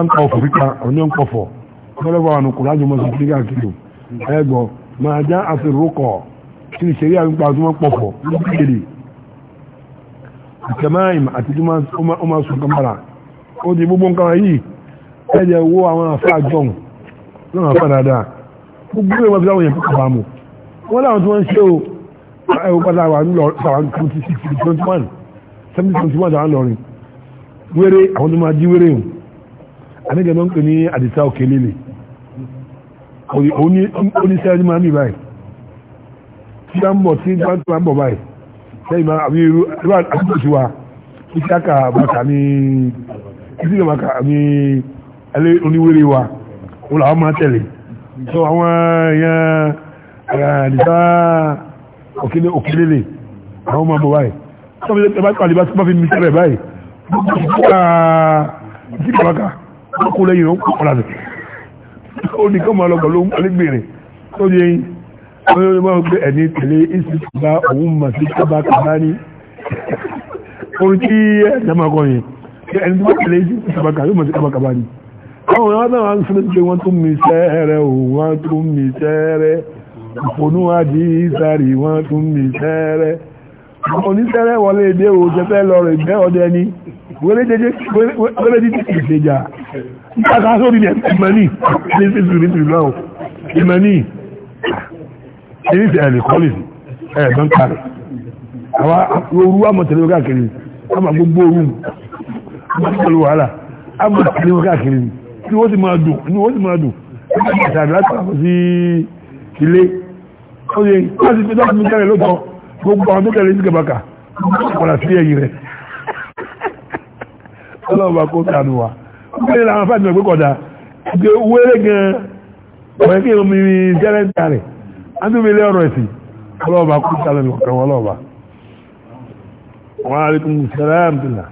ẹgbọ́n máa já àfihàn kí ni ṣeré àwọn ìgbà tó máa pọ̀pọ̀ lókèlè ìtẹ̀máìm àti tí ó máa sùn kàmàrà ó di gbogbo nǹkan yìí ẹ̀jẹ̀ wo àwọn àfáà jọun náà àfáà dáadáa gbogbo ìwọ̀n fi láwọn yẹn púpọ̀ bámu wọ́n láwọn tí wọ́n ń ṣe o ẹ̀wọ̀n padà wà ń lọ sàwọn 26 21 17 21 àwọn lọrin wéré àwọn tó máa jí wéré o àníkẹ́ náà ń pè ní àdìsá òkè lélẹ̀ oníṣẹ́jú máa ní báyìí tí a ń bọ̀ tí gbáǹtà ń bọ̀ báyìí lẹ́yìn máa àbí irú àdúgbòsí wa ìṣàkà bàkà ní ìṣàkà bàkà ní ẹlẹ́ oníwèrè wa wọn làwọn máa tẹ̀lé so àwọn èèyàn àdìsá òkèlè òkèlè àwọn máa bọ̀ báyìí tó bí ẹ bá tó àdìbá tó bá fi mi sẹ́rẹ̀ báyìí ìṣàkà bàkà ó kó lẹ́yìn ó kọ̀ ó ní kọ́ máa lọ pẹ̀lú alẹ́gbèrè tó ní ẹyin wọ́n yóò máa gbé ẹni tẹ̀lé ìsìnkú bá òun mà sí kábà kàbá ní orin tí ẹ̀dá máa kọ́ yẹn ẹni tó bá tẹ̀lé ìsìnkú kábà kàbá yóò mà sí kábà kàbá ní. àwọn ọ̀nà náà ń sọ́dọ̀ pé wọ́n tún mi sẹ́ẹ̀rẹ̀ o wọ́n tún mi sẹ́ẹ̀rẹ̀ ìfònú àdìsárì wọ́n tún mi sẹ́ẹ̀rẹ̀ onítẹ́rẹ́ wọlé èdè o jẹ́fẹ́ lọ rẹ̀ jẹ́ ọdẹ ni wẹ́lẹ́ dídí ìṣèjà nígbàtà sórí ní ìmọ̀ní ní sísù ní sísù náà ìmọ̀ní ní ìṣẹ̀ ẹ̀lẹ̀ kọ́lìsì ẹ̀ẹ̀dán kárẹ̀ àwọn orú àmọ̀tẹ̀lẹ̀ káàkiri àmà gbogbo orú àmọ̀tẹ̀lẹ̀ wàhálà àmọ̀tẹ̀lẹ̀ káàkiri tí wọ́n ti máa dùn ní wọ́n ti máa dùn ìṣàdúrà sí ilé ó yẹ káàkiri tó gbogbo àwọn tó kẹrẹ sí kẹbàkà padà sí ẹ̀yìn rẹ̀ ọlọ́ọ̀bà kó sànù wa gbé làwọn fàtìmọ̀ pé kọ̀dà gbé wéré gan ọ̀rẹ́ kí omi jẹ́rẹ́ǹtà rẹ̀ adúmílẹ̀ ọ̀rọ̀ ẹ̀sìn ọlọ́ọ̀bà kó sànù mi kọ̀kan ọlọ́ọ̀bà wọn àríkùn sẹ́rẹ́ àmìlà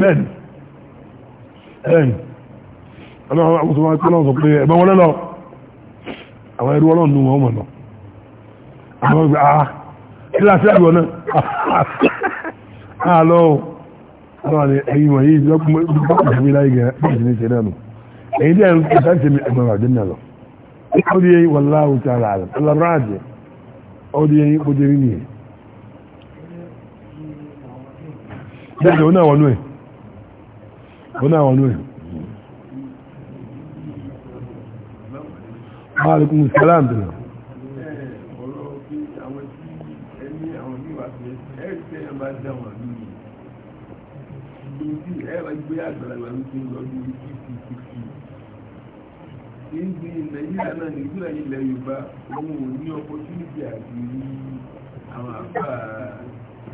bẹ́ẹ̀ni bẹ́ẹ̀ni ọlọ́run àwọn ọmọ ọlọ́run sọ pé ẹ̀bọ́n wọlé lọ àwọn ẹrú ọlọ́run nù wọn mọ̀ lọ àwọn ìgbà àà ilá sí àgbọ̀ náà àlọ́ ah, ọlọ́run ni ẹ̀yìn wọ̀nyí lọ́kùnrin láyé gẹ̀ẹ́ bí ìsinmi ṣe náà nù èyí dẹ́ ẹ̀rù ìsá ìsinmi ẹ̀gbọ̀n àdé náà lọ ó di yẹn wallahu ta'ala ọlọ́run àjẹ ó di yẹn ẹ̀ Maaleykum salaam bi. Ìgbì Nàìjíríà náà ní ìgbìlẹ̀ ilẹ̀ Yorùbá òun ò ní ọpọtúnìtì àti àwọn àpá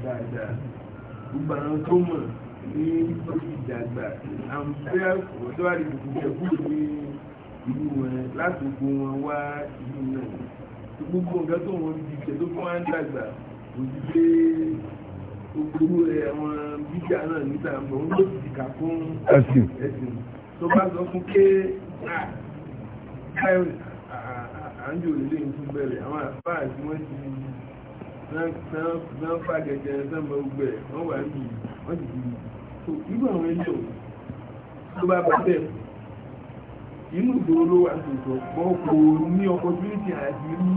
dáadáa. Gbogbo àwọn tó mọ̀ ní ìjàgbà, àwọn fẹ́ ọ̀dọ́ àdìgbò jẹ́ fún ìwé ìlú wọn láti ogun wọn wá ìlú náà tó gbogbo nǹkan tó wọn di ìṣẹ́ tó fún wa ń dàgbà kò sí pé gbogbo àwọn bíjà náà níta mọ̀ ń lò sí kà fún ẹ̀sìn tó bá sọ fún pé ah, àjò ilé ń tún bẹ̀rẹ̀ àwọn àfáà tí wọ́n ti náà fà gẹ̀gẹ̀ sẹ́mọ̀ gbẹ̀ wọ́n wà ní wọ́n ti di ìgbà àwọn ilé tó bá bá bẹ́ẹ̀ inú ìdòwò ló wà tòótọ́ wọn kò ní opportunity àti rí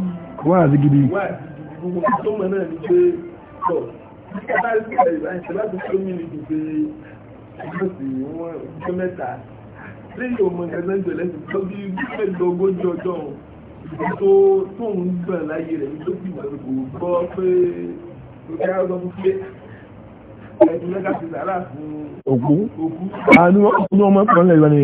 wà á gidi wà á tó mọ̀ náà ni pé tọ̀ nígbà tí ìbáṣẹ́ láti fún mi ní ìdòwò pé ìgbésẹ̀ wọn ìjọ mẹ́ta lẹ́yìn ọmọ ìgbésẹ̀ ń bẹ̀rẹ̀ sí tọ́jú mẹ́ẹ̀ẹ́dọ́gójì ọjọ́ tó tóun gbà láyé rẹ̀ tó sì wà lóko gbọ́ pé òkè àwọn ọmọ pé ẹ̀dùn mẹ́ta ti sàrà fún òkú àánú ọmọ ọmọ ìgbà ni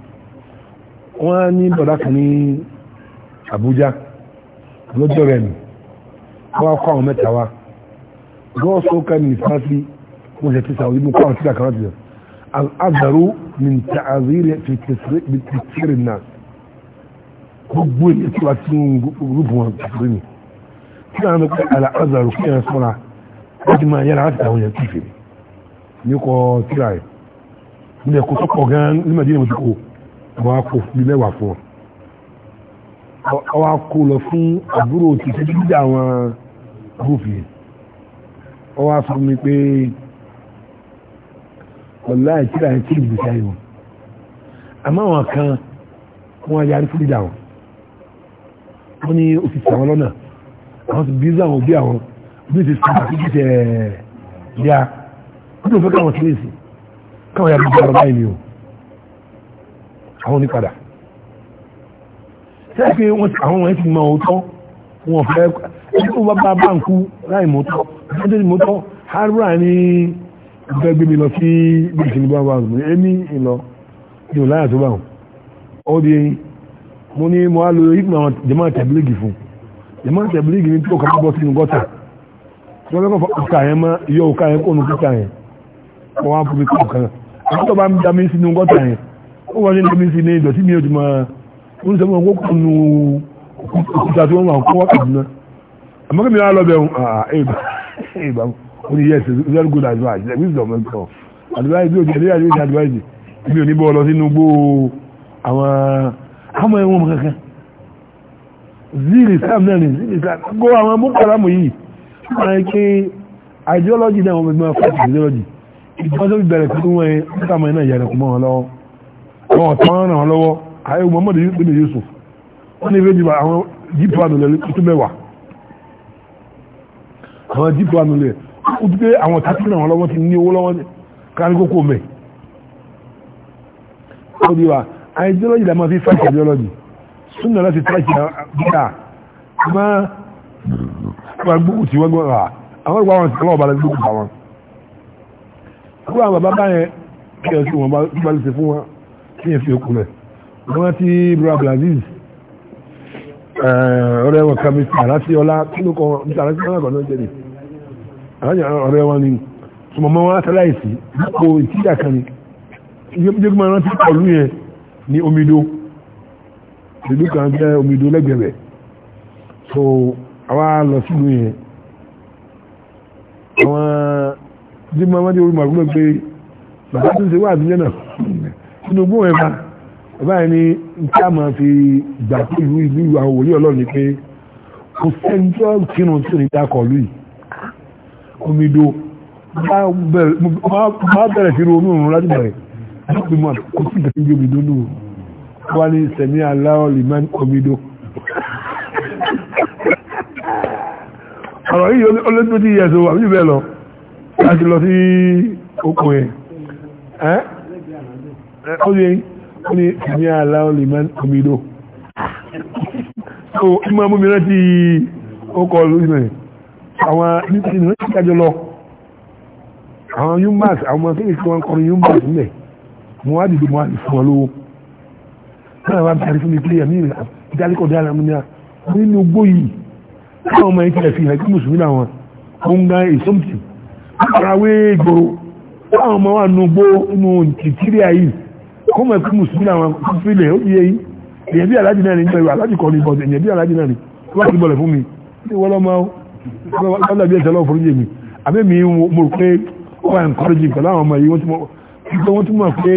wọ́n ní bọ̀dá kan ní Àbújá lọ́jọ́ rẹ̀ nù wọ́n kọ́ àwọn mẹ́ta wá gọ́ọ̀ sókè ní fásí wọ́n ṣe tíṣà òyìnbó kọ́ àwọn tíṣà kan láti yọ al'adaru min ta'aziri fi tẹ̀sírì náà gbogbo èyí tí wàá tún rúbù wọn tẹ̀sírì ni tí wọ́n á mẹ́kọ́ kí ẹ̀ sọ́ra wọ́n ti máa yára láti àwọn yẹn kìfèrè ní kọ́ tíra ẹ̀ ní ẹ̀kọ́ sọ́kọ̀ gan ní Mẹ́dínà mo àwọn akó bí mẹ́wàá fún ọ àwọn akó lọ fún àbúrò tí ṣe dídá àwọn gúúfì ọ wá fún mi pé ọ̀la ìtìlá ẹ̀ tí ìgbésí ayé wọn àmọ́ àwọn kan wọ́n yarí fún dídá wọn wọ́n ní òfìsì àwọn lọ́nà àwọn ti bíza àwọn òbí àwọn bí ti sùn àti jíjẹ ẹ̀ẹ́díà wọ́n tó fẹ́ káwọn sílẹ̀ sí káwọn yàrá ìjọba báyìí ni o àwọn onípadà sẹ́ẹ̀kì àwọn ọmọ ẹ̀ ti mọ òótọ́ wọn fẹ́ ẹni tó bá bá báǹkú láì mọ́tọ́ ẹni tó mọ́tọ́ harvard ní ìfẹ́ gbé mi lọ sí bíkì ní báwọn báwọn ẹ ní ìlọ ní ò láyà tó bá wọn ó di mo ní mo á lo ìgbìmọ̀ àwọn jẹ́mọ́ tẹ̀bílígì fún jẹ́mọ́ tẹ̀bílígì ní tó kọ́ bọ́ sínú gọ́tà tí wọ́n fẹ́ kọ́ ọ̀ka yẹn mọ́ iyọ̀ ọ̀ka yẹn kó nu kíkà yẹn wọ́n á fún mi kọ́ ọ̀kan bá ń dá sínú gọ́tà yẹn ó wà ní ẹgbẹ́ sí ní ìdọ̀tí mi ò ti máa ń sọ wọn kókò nu òkúta tí wọ́n wà kó wákàtí náà àmọ́ kí mi wá lọ bẹ̀ ẹ̀bà ah, ah, eh, eh, ó ní yes very good advice like wisdom and so advice bí o ti ẹ̀rí àdéhùn advice mi ò ní bọ́ lọ sínú gbó àwọn àmọ́ ẹ̀wọ̀n kankan ziri sam náà ni ziri sam gbó àwọn mọ́kànlámù yìí wọ́n yẹ kí ideology náà wọ́n mẹ́gbẹ́ fún ideology ìjọba tó bẹ̀rẹ̀ pẹ̀lú wọn ẹ̀ ń sàmọ́ ẹ̀ náà yàrá kùmọ́ wọn lọ́wọ́ àwọn ọ̀tọ́ ràn án lọ́wọ́ ayé Muhammad bin Yusuf wọ́n ní ìwé ìdìbò àwọn jíìpù ànulẹ̀ tó mẹ́wàá àwọn jíìpù ànulẹ̀ ó ti pé àwọn ọ̀tá tí ràn án lọ́wọ́ ti ní owó lọ́wọ́ kárí kókó mẹ́ ó di wa ideology la máa fi fight ideology súnà láti tàìkì bíkà má wà gbókù tí wọ́n gbọ́n rà àwọn ìgbà wọn ti kọ́lọ̀ ọ̀bàlẹ̀ gbókù bá wọn. àwọn bàbá báyẹn kí ẹ̀sùn wọn bá lè ṣe fún wọn kí n fi okun rẹ̀ wọ́n ti bra blaziz eh, ọ̀rẹ́ wọn kan mi tààrà sí ọlá kí ló kọ́ mi tààrà sí ọlá kan náà jẹ́rì ọ̀rẹ́ wọn ni sọmọ wọn aṣáláìsí kò ìtìjà kan ni ìjọba máa rántí pọ̀lú yẹn ní omido ìlú kan jẹ́ omido lẹ́gbẹ̀rẹ̀ so àwa lọ sílùú yẹn àwọn jíjọba wọn dé orí màgúmọ̀ pé bàbá tó ń ṣe wà àbíyẹ́ náà Tinubu ẹ̀ bá bàbá yẹn ní nkí a máa fi gbà pé ìlú ìlú ìlú àwọn wòlíì ọlọ́run ni pé kò sẹ́ńtọ́ kírun tí ò ní dákọ̀ lù yìí omido bá bẹ̀rẹ̀ sí ronú òun láti bẹ̀rẹ̀ láti mọ̀ kò sí ìgbà tí omi dúnú wà ní sẹ̀mí aláwọ̀ liman omido ọ̀rọ̀ yìí olóòtú ti yẹ̀ sọ àbújù bẹ́ẹ̀ lọ láti lọ sí okùn ẹ̀ oye oye ní aláwọ̀ lè máa omido so ima mú mi rántí ọkọ̀ olóògbé àwọn nítorí rántí kájọ lọ àwọn yumas àwọn kéèkéé tí wọ́n kọrin yumas nílẹ̀ mo wá dìde mo wá fún wọn lówó náà wá bẹ̀rẹ̀ fún mi pé ẹ̀mí ìdálékọ̀ dára mú ní a nínú gbó yìí káwọn ọmọ ìkẹlẹ̀ fi hàn kí mùsùlùmí làwọn ó ń gan èsọ́mùtì àkàràwé ìgboro káwọn ọmọ wa kó mọ̀ kí mùsùlùmí àwọn fílẹ̀ ó yẹ yìí èyàn bí aláàjì náà ní ìgbà ìwà aláàjì kọ́ ní bọ̀dẹ̀ èyàn bí aláàjì náà ní wọ́n ti bọ̀lẹ̀ fún mi ní wọ́n lọ́mọ lọ́dàbí ẹ̀sẹ̀ lọ́wọ́ foríjì mi àbẹ́ mi mo pé ó wà encourage pẹ̀lú àwọn ọmọ yìí wọ́n tún mọ̀ pé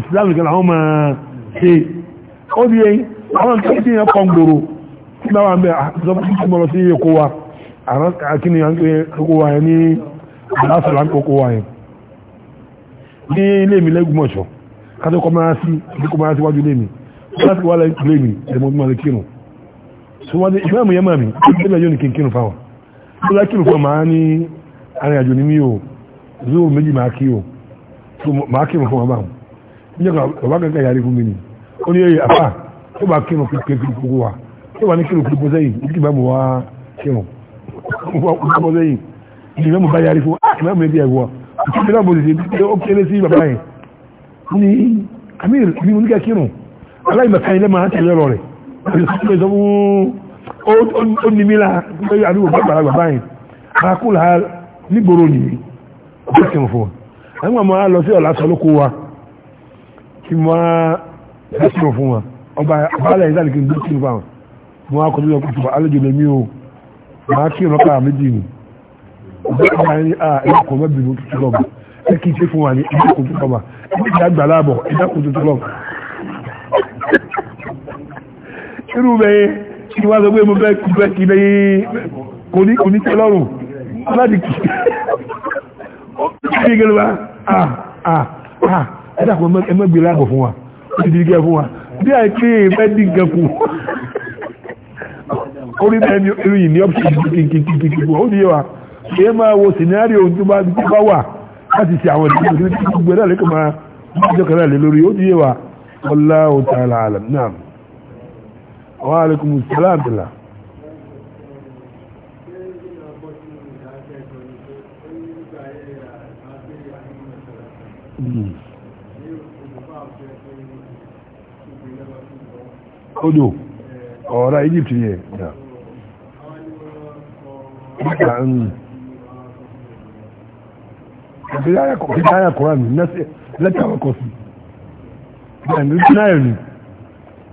Islam nìkan làwọn ọmọ ṣe ó di yẹn àwọn nǹkan tí yẹn pọ̀n gbòòrò tí bá wọn bẹ àtúntò sí Èkó wa àkíní Èkó wa yẹn ní aláṣọ láńkó wa yẹn ní ilé mi lẹ́gbùmọ̀ṣọ́ kátó kọ́ máa sí bí kọ́ máa sí wájú lémi láti wá lémi ẹ̀mọ́ bí máa lè kírun so wọ́n ní ìfẹ́ àmì yẹn máa mi bí lẹ́yìn ní kí n kírun fáwọn bí lẹ́yìn kírun fáwọn máa ní arìn àjò ní mí o zoo méjì máa kí o so máa kírun fún wa báwọn níjẹ́ kan bàbá kankan yàrá fún mi ni ó ní ẹ̀yẹ àpá tó bá kírun kékeré gbogbo wa tó bá ní kírun gbogbo sẹ́yìn ní kí bá mu wá kírun gbogbo sẹ́yìn ní ìmọ̀ bá yàrá fún ah ìmọ̀ mi bí ẹ̀ wọ ní amir ní oníkà kírun aláìmọ̀ta ilé máa tẹ̀lé ọ̀rọ̀ rẹ̀ àbíkọ́ ìsọ fún ó ní mílá pé àdúgbò bàbá bàbá yìí arákùnrin ha nígboro nìyí ọjọ́ kírun o máa kírun lọ́kà méjì ni ọjọ́ kírun fún wa ẹ̀yà kọ̀ọ̀mọ́bìnrin tó ẹ kì í ṣe fún wa ní ẹgbẹ́ kò tó kọ́ba ẹgbẹ́ àgbà láàbọ̀ ẹgbẹ́ kò tó tó lọ. irú bẹ́ẹ̀ kí wọ́n sọ pé mo fẹ́ kí bẹ́ẹ̀ kí bẹ́ẹ̀ kò ní kò ní tẹ́ lọ́rùn láti kì ó kí ní gẹ́lẹ́ wa à à à ẹgbẹ́ àpò ẹgbẹ́ gbé láàbọ̀ fún wa ó ti di gẹ́ fún wa bí i pé ìfẹ́ dín gẹ́ fún orí bẹ́ẹ̀ ni irú yìí ní ọ́pṣì kìkìkìkìkì ó ní yẹ wa ṣé máa wo scenario tó bá wà láti ṣe àwọn ìdílé tí gbogbo ẹ̀dá lẹ́kọ̀ọ́ máa jọ kẹrẹ lè lórí ó ti yé wa wallahu ta'ala alam naam wa alaikumus salam àbìlà hmm. odò ọ̀rá Egypt yẹn ìdáyà kọ́ra nù lẹ́tà ọkọ̀ sí ìdáyà náà nù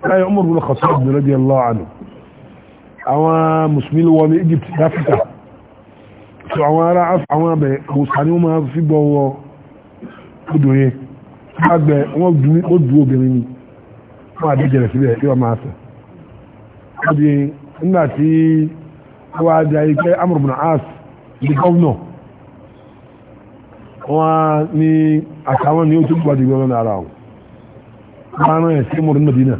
láyé ọmọ òrùn lọ́kọ̀ sọ́ọ̀bù radiyallahu anhu àwọn mùsùlùmí ló wọ ní Egypt Africa so àwọn ará àwọn abẹ àwòsàn ni wọ́n máa fi bọ́ wọ odò yẹn agbẹ wọ́n du obìnrin ni wọ́n àdéjẹ̀rẹ̀ síbẹ̀ yóò máa sẹ̀ nígbà tí wọ́n á di ayé wọ́n ní àtàwọn ní ó tó gbàjú gbọ́nà ara wọn bára ẹ̀ sí mọ̀rún Madina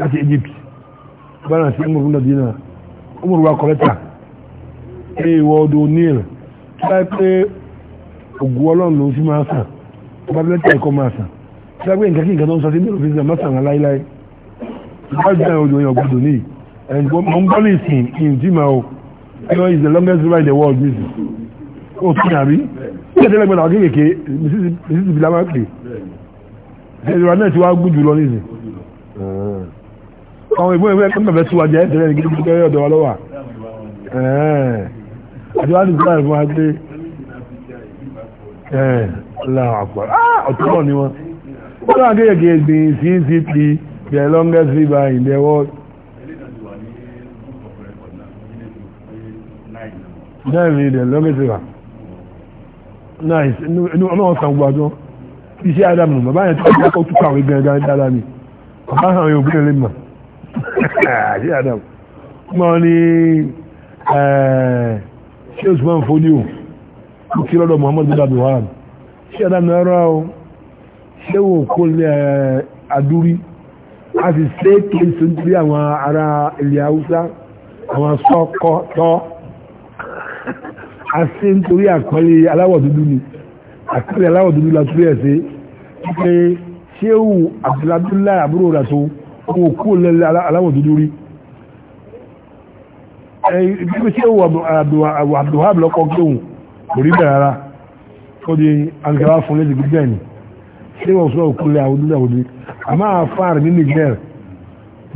láti Egypt bára ẹ̀ sí mọ̀rún Madina Umar wa kọlẹ́ta èèwọ̀ odò níl tíwáyé pé ògùn ọlọ́run ló sí máa sàn tó bá lẹ́tà ẹ̀kọ́ máa sàn tíwáyé pé nǹkan kí nǹkan tó ń sọ sí mẹ́rọ̀ fíìsì máa sàn láíláí bá jẹ́ odò yẹn ọ̀gbọ́dọ̀ ní ẹ̀ǹgbọ́n mọ́ ń bọ́ ní ìsìn ìyìn tí máa o it is the longest ride in the world nísìn ó tún yàrí kíkẹ́ lẹ́gbẹ̀ẹ́ náà kéékèèké mrs bilama pè ẹ̀rọ náà ti wá gbójú lọ nísìn àwọn ìbọn ìwé ẹ̀kọ́ nàbẹ̀ tíwájú ẹ̀ tẹ̀lé nígbà tó kẹ́rẹ́ ọ̀dọ̀ wa lọ́wà àti wá nígbà fún wa pé láwọn àpò ọ̀tún náà ni wọ́n wọ́n náà kéékèèké gbìn ccp the longest river in the world. Náà ni the longest river nice inú ọlọ́wọ́ san gbàjọ́ iṣẹ́ adam nù bàbá yẹn tó kọ́ kọ́ túkọ̀ àwọn igan gan dáadáa ni bàbá àwọn yóò bílẹ̀ lè mọ̀ ṣé adam mọ́ ni ṣé Usman Fodio ó kí lọ́dọ̀ Muhammad bin Abdul Wahab ṣé adam náà rà ó ṣé wò kó lẹ́ adúrí a sì ṣe é kí n sọ nítorí àwọn ará ilẹ̀ Haúsá àwọn sọ́kọ́ tọ́ àṣẹ nítorí àkọlé aláwọ̀ dúdú ni àkọlé aláwọ̀ dúdú la túbẹ̀ ṣe pé ṣéwù abdullahi àbúrò rẹ̀ tó kò kú lẹ́lẹ́ aláwọ̀ dúdú rí ẹgbẹ́ ṣéwù abdullahi lọ́kọ́ kéhùn kò rí bẹ̀rẹ̀ rárá ó di angara fún lẹ́sì gbígbẹ́ ni ṣéwù ọ̀ṣọ́ òkúlẹ̀ àwọn dúdú àwọn dúdú àmọ́ àfáà rẹ̀ ní niger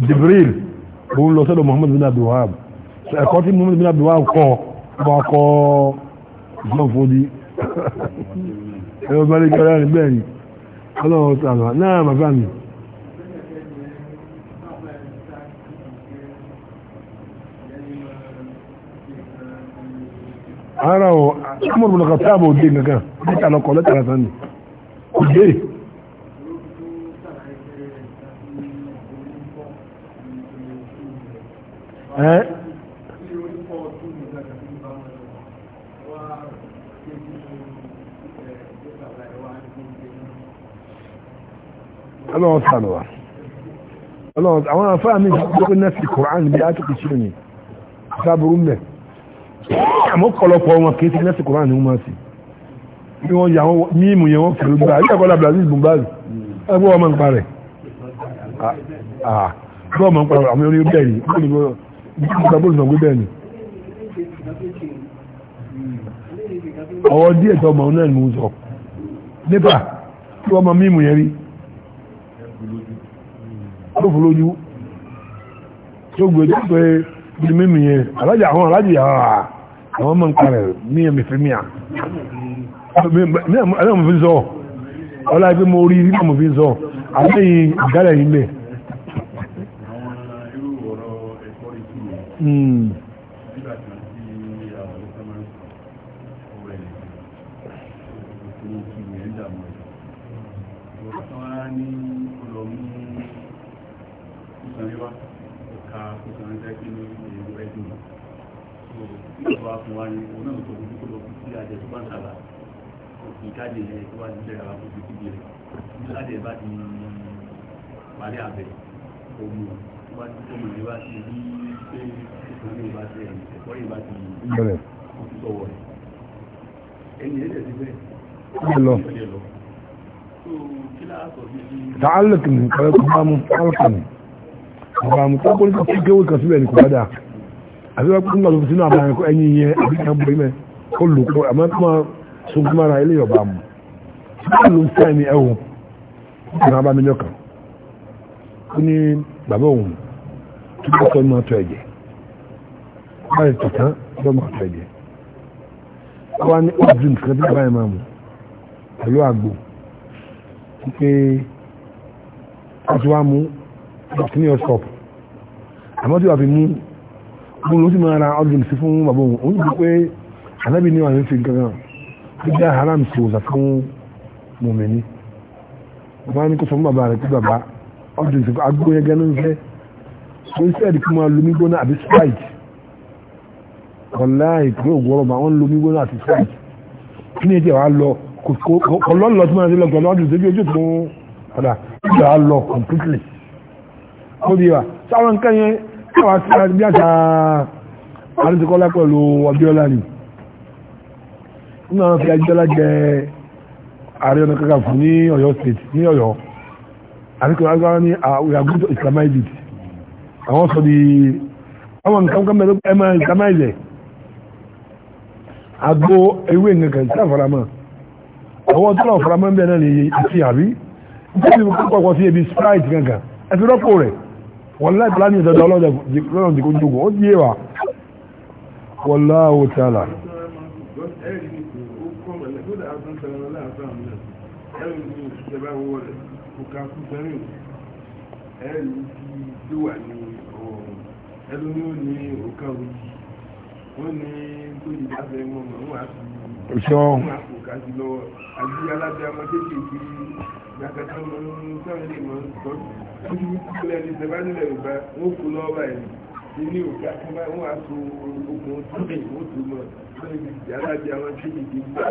jibril òun lọ sọ́dọ̀ muhammadu bin abdullahi ẹ̀kọ́ tí muhammadu bin abdullahi kọ́ wọ́n kọ́ ìfọ́fọ́dí ẹ̀rọ bá lè kẹ́rẹ́ rẹ̀ bẹ́ẹ̀ ni ọlọ́run tààlà náà bàbá mi ara ọ̀ ọmọrùn lọ́kà táàbù òdé nǹkan lẹ́tà lọ́kọ̀ lẹ́tà lọ́tà ni òdé ẹ́ ọlọ́run sànù wa ọlọ́run àwọn afáà mi gbogbo náà fi Kùránì bí átùkù sí òní sábúrú mẹ́ àmọ́ pọ̀lọpọ̀ wọn kì í ti náà fi Kùránì wọn sí bí wọ́n yà wọ́n mímù yẹn wọ́n fèrè gbà yíyà kọ́lá Brazil bùnbáàlì ẹgbẹ́ wọn máa ń parẹ́ bọ́ọ̀ máa ń parẹ́ àwọn orí bẹ́ẹ̀ ni bọ́ọ̀lù náà gbé bẹ́ẹ̀ ni ọwọ́ díẹ̀ tó ọmọ náà ni mo sọ nípa tí wọ́n máa mímù yẹn rí tó fún lójú tó gbèjọ́ pé bí mímì yẹn alájà àwọn alájà àwọn ọmọ nǹkan rẹ̀ míyàn mẹ́fẹ́ míà ẹ̀rọ mọ̀ fi sọ ọlá ẹgbẹ́ mo rí nígbà mọ̀ fi sọ àlẹ́yìn ìdálẹ̀ yìí mẹ́ bẹ̀rẹ̀. Bẹ̀rẹ̀ ihe Ta'alluq ni kawai kuma mun falka ne. Ba mu ko kun ka fike wuka su mi tó bá kọ́ máa tọ́ ẹ̀jẹ̀ báyìí tọ̀tán tó máa tọ́ ẹ̀jẹ̀ wá o ọdún kan tí báyìí máa mú pẹ̀lú àgbo pé ọtún wá mú ọtún ní ọsọp àmọ́ tí wàá fi mú mo ló sì máa ra ọdún sí fún bàbá òun òun yìí pé ànábì ní wàá fi nǹkan kan tó jẹ́ haram sí òòsà fún mòmìnì bàbá ní kó sọ fún bàbá rẹ̀ pé bàbá ọdún sí fún agbóyẹgẹ ló ń fẹ́ tó ń sẹ́ẹ̀dì kí wọ́n lo omi gbóná àbí sprite ọ̀láì tó ń gbọ́rọ̀ máa ń lo omi gbóná àti sprite kí ni ẹ̀jẹ̀ wa lọ kò lọ́lọ́ tí wọ́n ti lọ gbọ́n lọ́dún tó ojú tó padà ìjọ wa lọ completely ó di wa sáwọn nǹkan yẹn káwa sí bí àṣà àdìsíkọ́lá pẹ̀lú Abíọ́lá ni nínú àwọn fi Abíọ́lá jẹ ààrẹ ọ̀nà kankan fún ní Ọ̀yọ́ state ní Ọ̀yọ́ àti kí wọ́n á gbára ní ah, we are good àwọn sọ di àwọn nǹkan kan mẹ́rin ẹ̀mà ìkàmá ilẹ̀ àgbo ewé nǹkan tí àfaramọ́ àwọn tó náà faramọ́ ń bẹ̀ náà lè ti àrí nítorí mo kọ́ pọ̀ sí ebi sprite kankan ẹ fi rọ́pò rẹ̀ wọ́n láì pàlá ní ìdọ̀dọ̀ ọlọ́dọ̀ dìkó jogo ó di èwà wallahu ta'ala Thank you ẹ̀rù tí wà ní ọ̀rùn ẹ̀rù ní òkà òjì wọ́n ní tó yìí lábẹ́ wọn mọ̀ wọ́n á fi wọ́n sí lọ́wọ́ àbí alábẹ́ ọmọ kéékèèké gbàgbàtà ọmọ sọ́run lè mọ̀ tọ́jú ojú kílẹ̀ ní sẹ́fánilẹ̀ yorùbá wọ́n kó lọ́wọ́ báyìí nínú òkè akọ́bá wọ́n tó lè wọ́n tó mọ̀ alájẹ àwọn tí kìí mọ̀ rà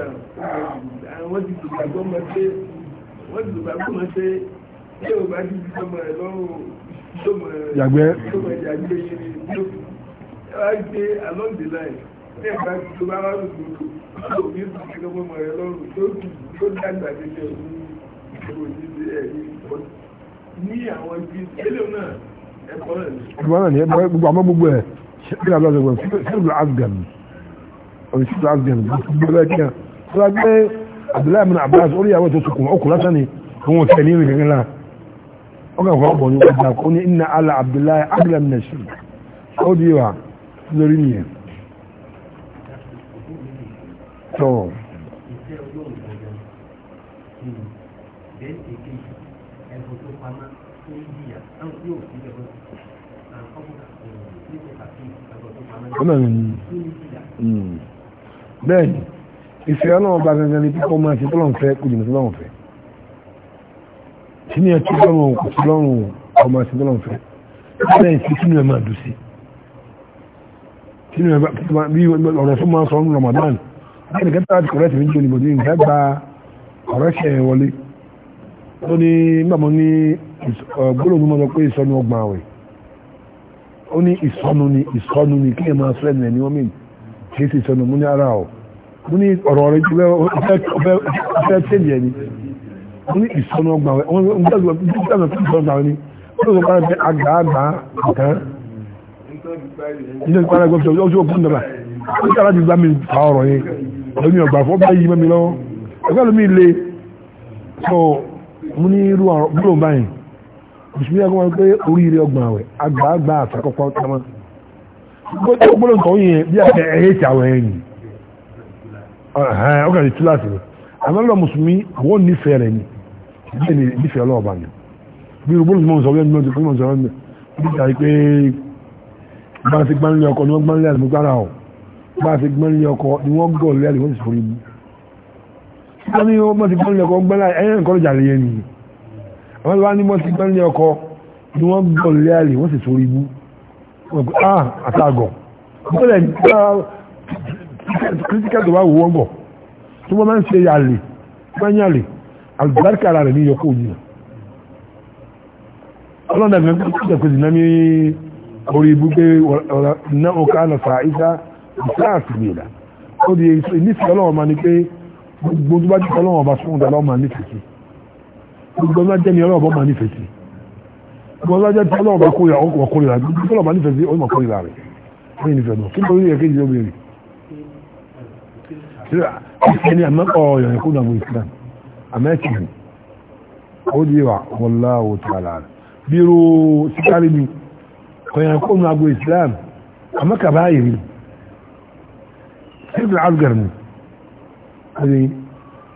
ṣáà wọ́n ti kìí wọ́n ti gbà gbọ́mọ̀ ṣe ṣé o bá ti fi sọmọ ẹ̀ lọ́rùn sọmọ ẹ̀ yàgbẹ́ sọmọ ẹ̀ yàgbẹ́ yìí ni yóò fi ẹ wá gbé along the line ní ẹ̀ka tó bá wà lóṣù tó o ní sọmọ ẹ̀ lọ́mọ ẹ̀ lọ́rùn tó kù tó dàgbà nílẹ̀ òun ìṣòro ẹ̀ ní àwọn ibi tẹ́lẹ̀ náà ẹ̀kọ́ náà ni. ẹ̀kọ́ náà ni gbogbo àmọ́ gbogbo ẹ̀ ṣẹ́bí àlọ́ ọ̀sẹ̀ gbọ̀n ṣẹ́bí àlọ́ àgbẹ̀ abdullahi bin abbas orí àwọn tó tukùn ọkùn lásán ni wọn fẹ́ ní ìrìn náà ọkà fún ọgbọ̀n ní ọjà kó ní iná ala abdullahi abdullahi ó di wa lórí nìyẹn tó hmm. bẹ́ẹ̀ni ìfẹ́ ọlọ́run bá gangan ní pípọ́ máa ṣe tọ́lọ́run fẹ́ kò jìnà tọ́lọ́run fẹ́ tí ní ẹtú tọ́lọ́run kò sí lọ́rùn ọmọ ṣe tọ́lọ́run fẹ́ lẹ́yìn sí kí ni ẹ máa dùn sí kí ni ẹ bá bí ọ̀rọ̀ tó máa sọ ọ́nù Ramadan bẹ́ẹ̀ ni kẹta láti kọ̀rẹ́tì méjì ní bòdì nǹkan gba ọ̀rẹ́ṣẹ̀ wọlé ó ní mọ̀mọ́ ní gbólóhùn mọ́ sọ pé ìsọnù ọgbà àwẹ̀ ó ní ìsọnù ni ìsọnù ni kí ẹ máa sọ mo ní ọ̀rọ̀ rẹ̀ jù ọ̀fẹ́ tẹ̀lé ẹni mo ní ìsọnù ọgbà wẹ̀ wọ́n ń gbàgbọ́ bí ìsọnù ọgbà wẹ̀ ni ó lọ́sọ̀ bá rẹ̀ àgbà àgbà kan nítorí pàrọ̀ gbọ́dọ̀ ọjọ́ òkú nàbà ó sára ti gbá mi fa ọ̀rọ̀ yẹn lómi ọgbà fọ́ bá yí mẹ́mi lọ́wọ́ ẹgbẹ́ lómi le sọ mo ní irú ọ̀rọ̀ búrò báyìí òṣùmí ẹgbẹ́ wọn pé oríire ọgbà wẹ̀ àgbà àgbà àtàkọ́kọ́ tamá gbọ́dọ̀ gbọ́dọ̀ tọ́ yẹn bí àtẹ ẹ̀yẹ́ ti àwọn ẹ̀yìn ọ̀hán ọ̀gá ìtú láti rẹ̀ àmàlọ́ mùsùlùmí àwọn nífẹ̀ẹ́ rẹ̀ ni bẹ́ẹ̀ ni nífẹ̀ẹ́ ọlọ́ọ̀bà ni bí rúbọ́n ti mọ̀ sọ wíwọ́n ti mọ̀ sọ wíwọ́n ti gbà pé bá a ti gbá nílé ọkọ ni wọ́n gbá nílé àdìmú gbára ọ̀ bá a ti gbá nílé ọkọ ni wọ́n gọ̀ lé àdìmú ti forí mu wọ́n ní wọ́n ti gbá nílé ọkọ gbá láì ẹ̀yẹ́ nǹkan jàre yẹn nìyí àwọn ìwà ni wọ́n ti gbá nílé ọkọ ni wọ́n gọ̀ lé àdìmú ti forí mu wọ́n pe ah àtàgọ̀ kírísíkà tó bá wù wọ́n bọ̀ tó bá máa ń ṣe yàlè máa ń yàlè àlùbáríkà ara rẹ̀ ní yọkọ̀ òjìyàn ọlọ́dà gan kírísíkà kò sì náà ní orí ibùgbé náà ọ̀ká náà fà ìsá ìsá àfìgbèlà ó di èso ìnífẹ̀ẹ́ ọlọ́wọ́ máa ní pé gbogbo tó bá jẹ́ ọlọ́wọ́ bá sún ọ̀dà lọ́wọ́ máa nífẹ̀ẹ́ sí gbogbo tó bá jẹ́ ni ọlọ́wọ́ máa nífẹ̀ẹ́ sí gbogbo tó bá jẹ́ ọlọ́wọ́ bá kórìíra ọkọ̀ kórìíra gbogbo tó bá nífẹ̀ẹ́ sí ọlọ́wọ́ kórìíra rẹ̀ ó ní ìfẹ̀ẹ́ náà kí ló ń yẹ kéjì lóbìnrin ẹni àmọ́ ọ̀yọ̀ ẹ̀kú náà mú islam amẹ́kìrì ó di wà wallahu ta'ala bírò síkárì mi kọ̀yàn kó nu agbo islam àmọ́ kàbá yìí rí sígbà algar ni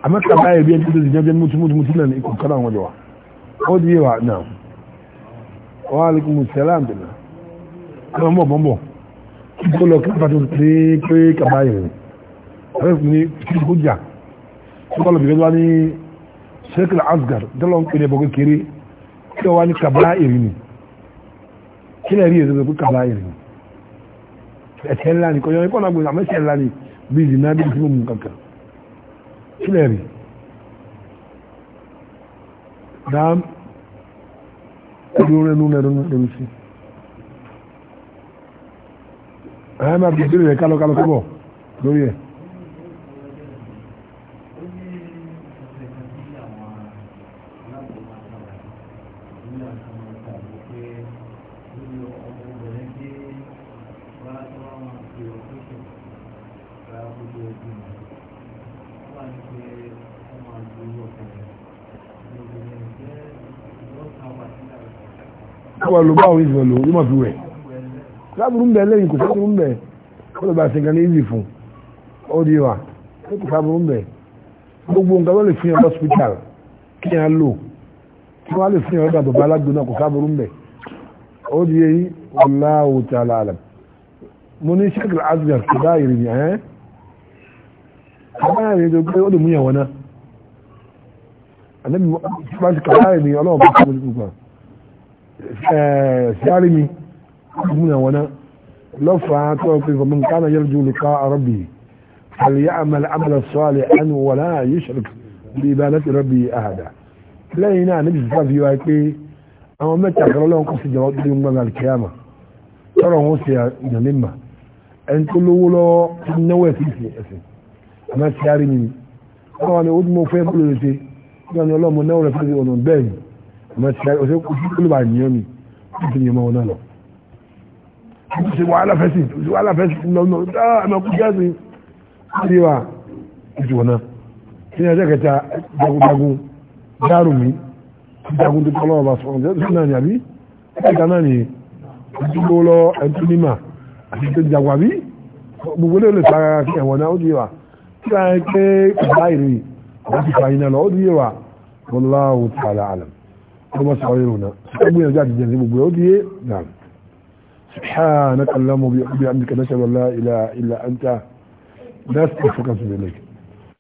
àmọ́ kàbá yìí rí ẹni tó ti jẹ́ mútúmútúmútú náà ní ikú kára pé pé kàbá ẹ̀rẹ́fù ní kíkójà tọ́lọ̀ bìí wá ní sheikh asgar tọ́lọ̀ ń pè ní ẹ̀bọ̀gẹ́ kéré kí wá ní kàbá èrì ni kí lè rí èso pé kàbá èrì ni ẹ̀ṣẹ̀ ńlá ni kọjọ́ ikọ́ náà gbé àmọ́ ẹ̀ṣẹ̀ ńlá ni bí ìdì náà wà ló báwo ìfẹ́ lò ó mọ̀ sábúrú ń bẹ lẹ́yìn kò sábúrú ń bẹ ó lè bá ṣe nǹkan ní ìzì fún ó di wa ó kò sábúrú ń bẹ gbogbo nǹkan ló lè fi hàn hospital kí hàn lò kí wọ́n lè fi hàn lọ́dọ̀ bàbá alágbó náà kò sábúrú ń bẹ ó di yẹ wallahu ta'ala alam mo ní sheikh asgar kò bá ìrìn ẹ́ àbáyà rẹ̀ tó pé ó lè mú yàn wọn náà àdébí bá ti kàwáyà ní ọlọ́ọ̀bá kọ́ سالمي منا وانا لفع توقف من كان يرجو لقاء ربه فليعمل عملا صالحا ولا يشرك بعبادة ربه أحدا لينا نجد في واقعي أما متى قالوا لهم قصة جواب يوم القيامة tọrọ wọn ṣe ìdánimà ẹni tó lówó lọ náwó ẹsìn ìsìn ẹsìn àmọ́ ṣe àárín mi wọn wà ní ojú mo fẹ́ bọ́ọ̀lù rẹ ṣe wọn ni ọlọ́mọ náwó rẹ fẹ́ ọ̀nà bẹ́ẹ̀ ni mọ̀tí ọ̀sẹ̀ ojú kúlù bá yíyan mi ó ti yẹn mọ́ wọn lọ. ó ti wàhálà fẹ́sì ó ti wàhálà fẹ́sì lọ́nà dáa ẹ̀mọ̀ kú jẹ́ ṣe wà ojú wọn náà. kí ni ẹjẹ́ kẹta jagunjagun dárò mí jagun tó kọ́ lọ́wọ́ bá sọ̀rọ̀ ǹjẹ́ tó náà ní àbí ẹ̀ka náà ní ẹ̀dúgbò lọ ẹ̀dúnímà àti tó jagun àbí gbogbo lè lè fara wọ́n ti fa iná ọmọ sọ̀rọ̀ ìrùnà ṣẹ́gbìn ẹ̀já àti jẹ́ gbogbo سبحانك اللهم وبحمدك نشهد ان لا اله الا انت نستغفرك ونتوب اليك